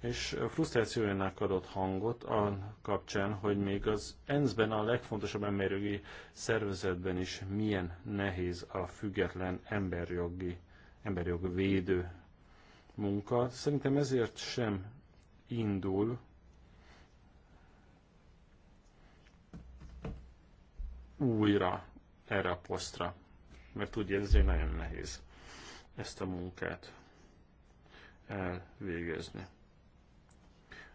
[SPEAKER 3] és frusztrációjának adott hangot a kapcsán, hogy még az ENSZ-ben a legfontosabb emberjogi szervezetben is milyen nehéz a független emberjogi, emberjogvédő munka. Szerintem ezért sem indul újra erre a posztra, mert úgy érzi, hogy nagyon nehéz ezt a munkát elvégezni.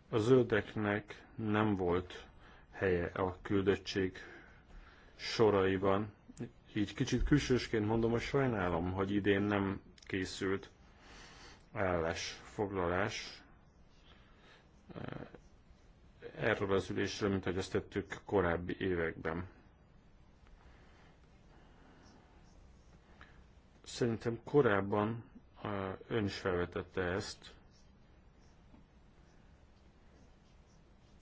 [SPEAKER 3] A zöldeknek nem volt helye a küldöttség soraiban. Így kicsit külsősként mondom, hogy sajnálom, hogy idén nem készült elles foglalás eh, erről az ülésről, mint ahogy azt tettük korábbi években. Szerintem korábban eh, ön is felvetette ezt,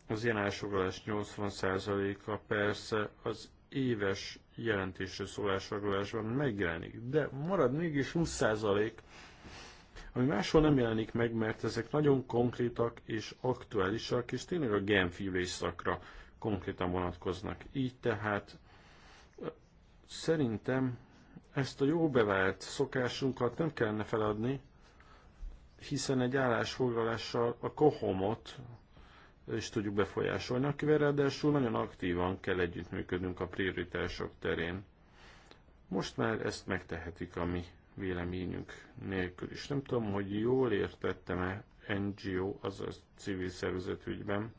[SPEAKER 3] Az ilyen állásfoglalás 80%-a persze az éves jelentésre szólásfoglalásban megjelenik, de marad mégis 20%, ami máshol nem jelenik meg, mert ezek nagyon konkrétak és aktuálisak, és tényleg a Genfi szakra konkrétan vonatkoznak. Így tehát szerintem ezt a jó bevált szokásunkat nem kellene feladni, hiszen egy állásfoglalással a kohomot és tudjuk befolyásolni, akivel ráadásul nagyon aktívan kell együttműködnünk a prioritások terén. Most már ezt megtehetik a mi véleményünk nélkül is. Nem tudom, hogy jól értettem-e NGO, azaz civil szervezet ügyben.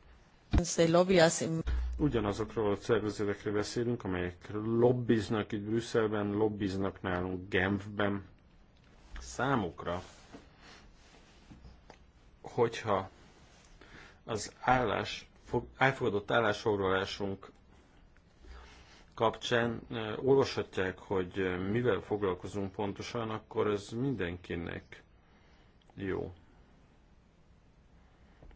[SPEAKER 3] Ugyanazokról a szervezetekre beszélünk, amelyek lobbiznak itt Brüsszelben, lobbiznak nálunk Genfben. Számukra, hogyha az állás, elfogadott állásfoglalásunk kapcsán olvashatják, hogy mivel foglalkozunk pontosan, akkor ez mindenkinek jó.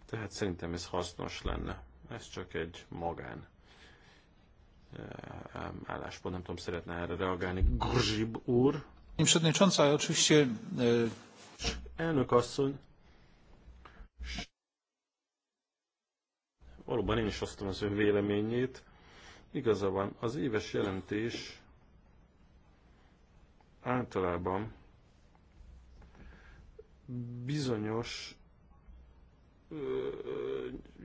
[SPEAKER 3] Tehát szerintem ez hasznos lenne. Ez csak egy magán álláspont. Nem tudom, szeretne erre reagálni. Grzsib úr.
[SPEAKER 2] Przewodnicząca, oczywiście... E,
[SPEAKER 3] Elnök asszony, Valóban én is osztom az ön véleményét. Igaza van, az éves jelentés általában bizonyos ö,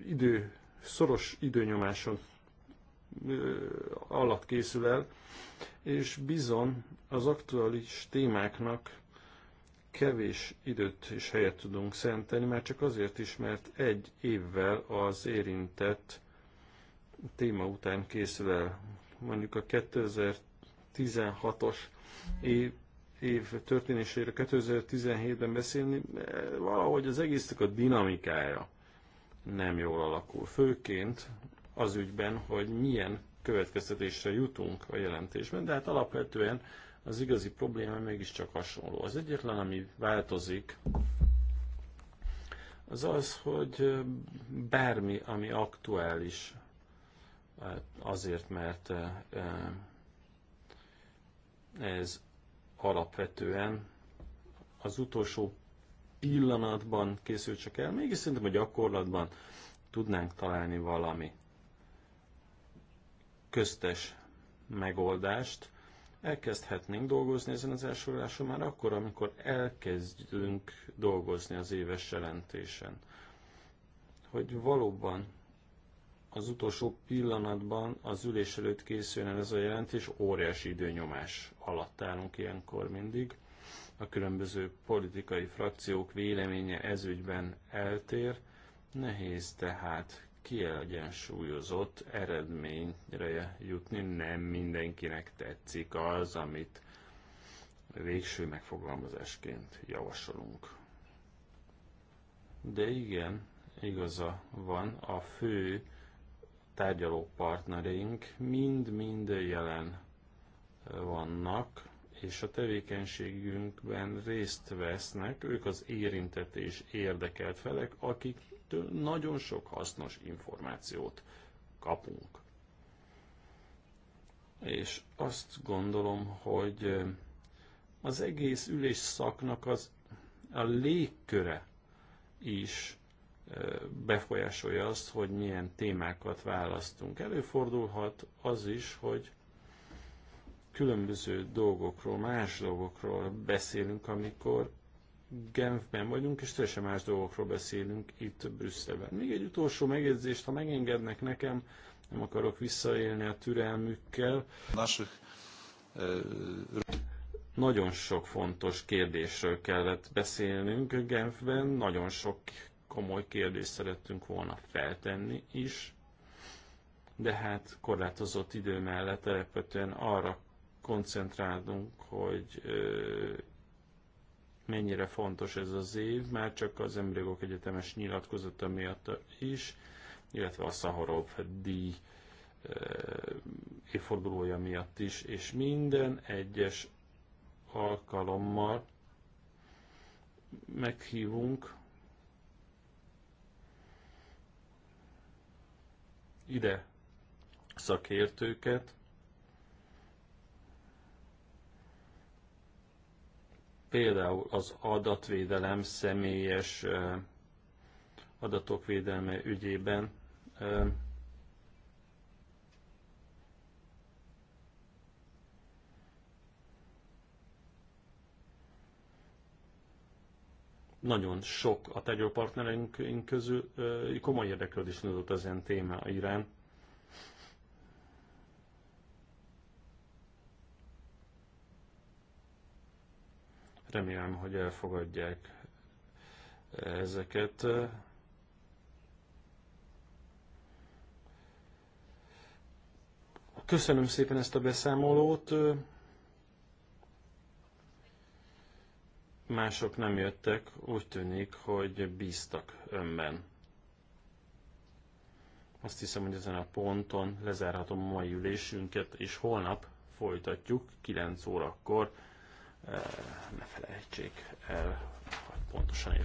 [SPEAKER 3] idő, szoros időnyomáson ö, alatt készül el, és bizon az aktuális témáknak kevés időt és helyet tudunk szenteni, már csak azért is, mert egy évvel az érintett téma után készül el. Mondjuk a 2016-os év, év történésére 2017-ben beszélni, valahogy az egésznek a dinamikája nem jól alakul. Főként az ügyben, hogy milyen következtetésre jutunk a jelentésben, de hát alapvetően az igazi probléma mégiscsak hasonló. Az egyetlen, ami változik, az az, hogy bármi, ami aktuális, azért, mert ez alapvetően az utolsó pillanatban készült csak el, mégis szerintem a gyakorlatban tudnánk találni valami köztes megoldást, elkezdhetnénk dolgozni ezen az elsoroláson már akkor, amikor elkezdünk dolgozni az éves jelentésen. Hogy valóban az utolsó pillanatban az ülés előtt készüljön el ez a jelentés, óriási időnyomás alatt állunk ilyenkor mindig. A különböző politikai frakciók véleménye ezügyben eltér, nehéz tehát kiegyensúlyozott eredményre jutni. Nem mindenkinek tetszik az, amit végső megfogalmazásként javasolunk. De igen, igaza van, a fő tárgyaló partnereink mind-mind jelen vannak, és a tevékenységünkben részt vesznek, ők az érintett és érdekelt felek, akik Ettől nagyon sok hasznos információt kapunk. És azt gondolom, hogy az egész ülés szaknak az a légköre is befolyásolja azt, hogy milyen témákat választunk. Előfordulhat az is, hogy különböző dolgokról, más dolgokról beszélünk, amikor Genfben vagyunk, és teljesen más dolgokról beszélünk itt Brüsszelben. Még egy utolsó megjegyzést, ha megengednek nekem, nem akarok visszaélni a türelmükkel. Eh, nagyon sok fontos kérdésről kellett beszélnünk Genfben, nagyon sok komoly kérdést szerettünk volna feltenni is, de hát korlátozott idő mellett alapvetően arra koncentrálunk, hogy eh, mennyire fontos ez az év, már csak az Embriagok Egyetemes nyilatkozata miatt is, illetve a Szaharov díj eh, évfordulója miatt is, és minden egyes alkalommal meghívunk ide szakértőket, például az adatvédelem személyes adatok védelme ügyében nagyon sok a tegyőpartnereink közül komoly érdeklődés az ezen téma iránt. Remélem, hogy elfogadják ezeket. Köszönöm szépen ezt a beszámolót. Mások nem jöttek, úgy tűnik, hogy bíztak önben. Azt hiszem, hogy ezen a ponton lezárhatom mai ülésünket, és holnap folytatjuk 9 órakor ne felejtsék el, hogy pontosan ért.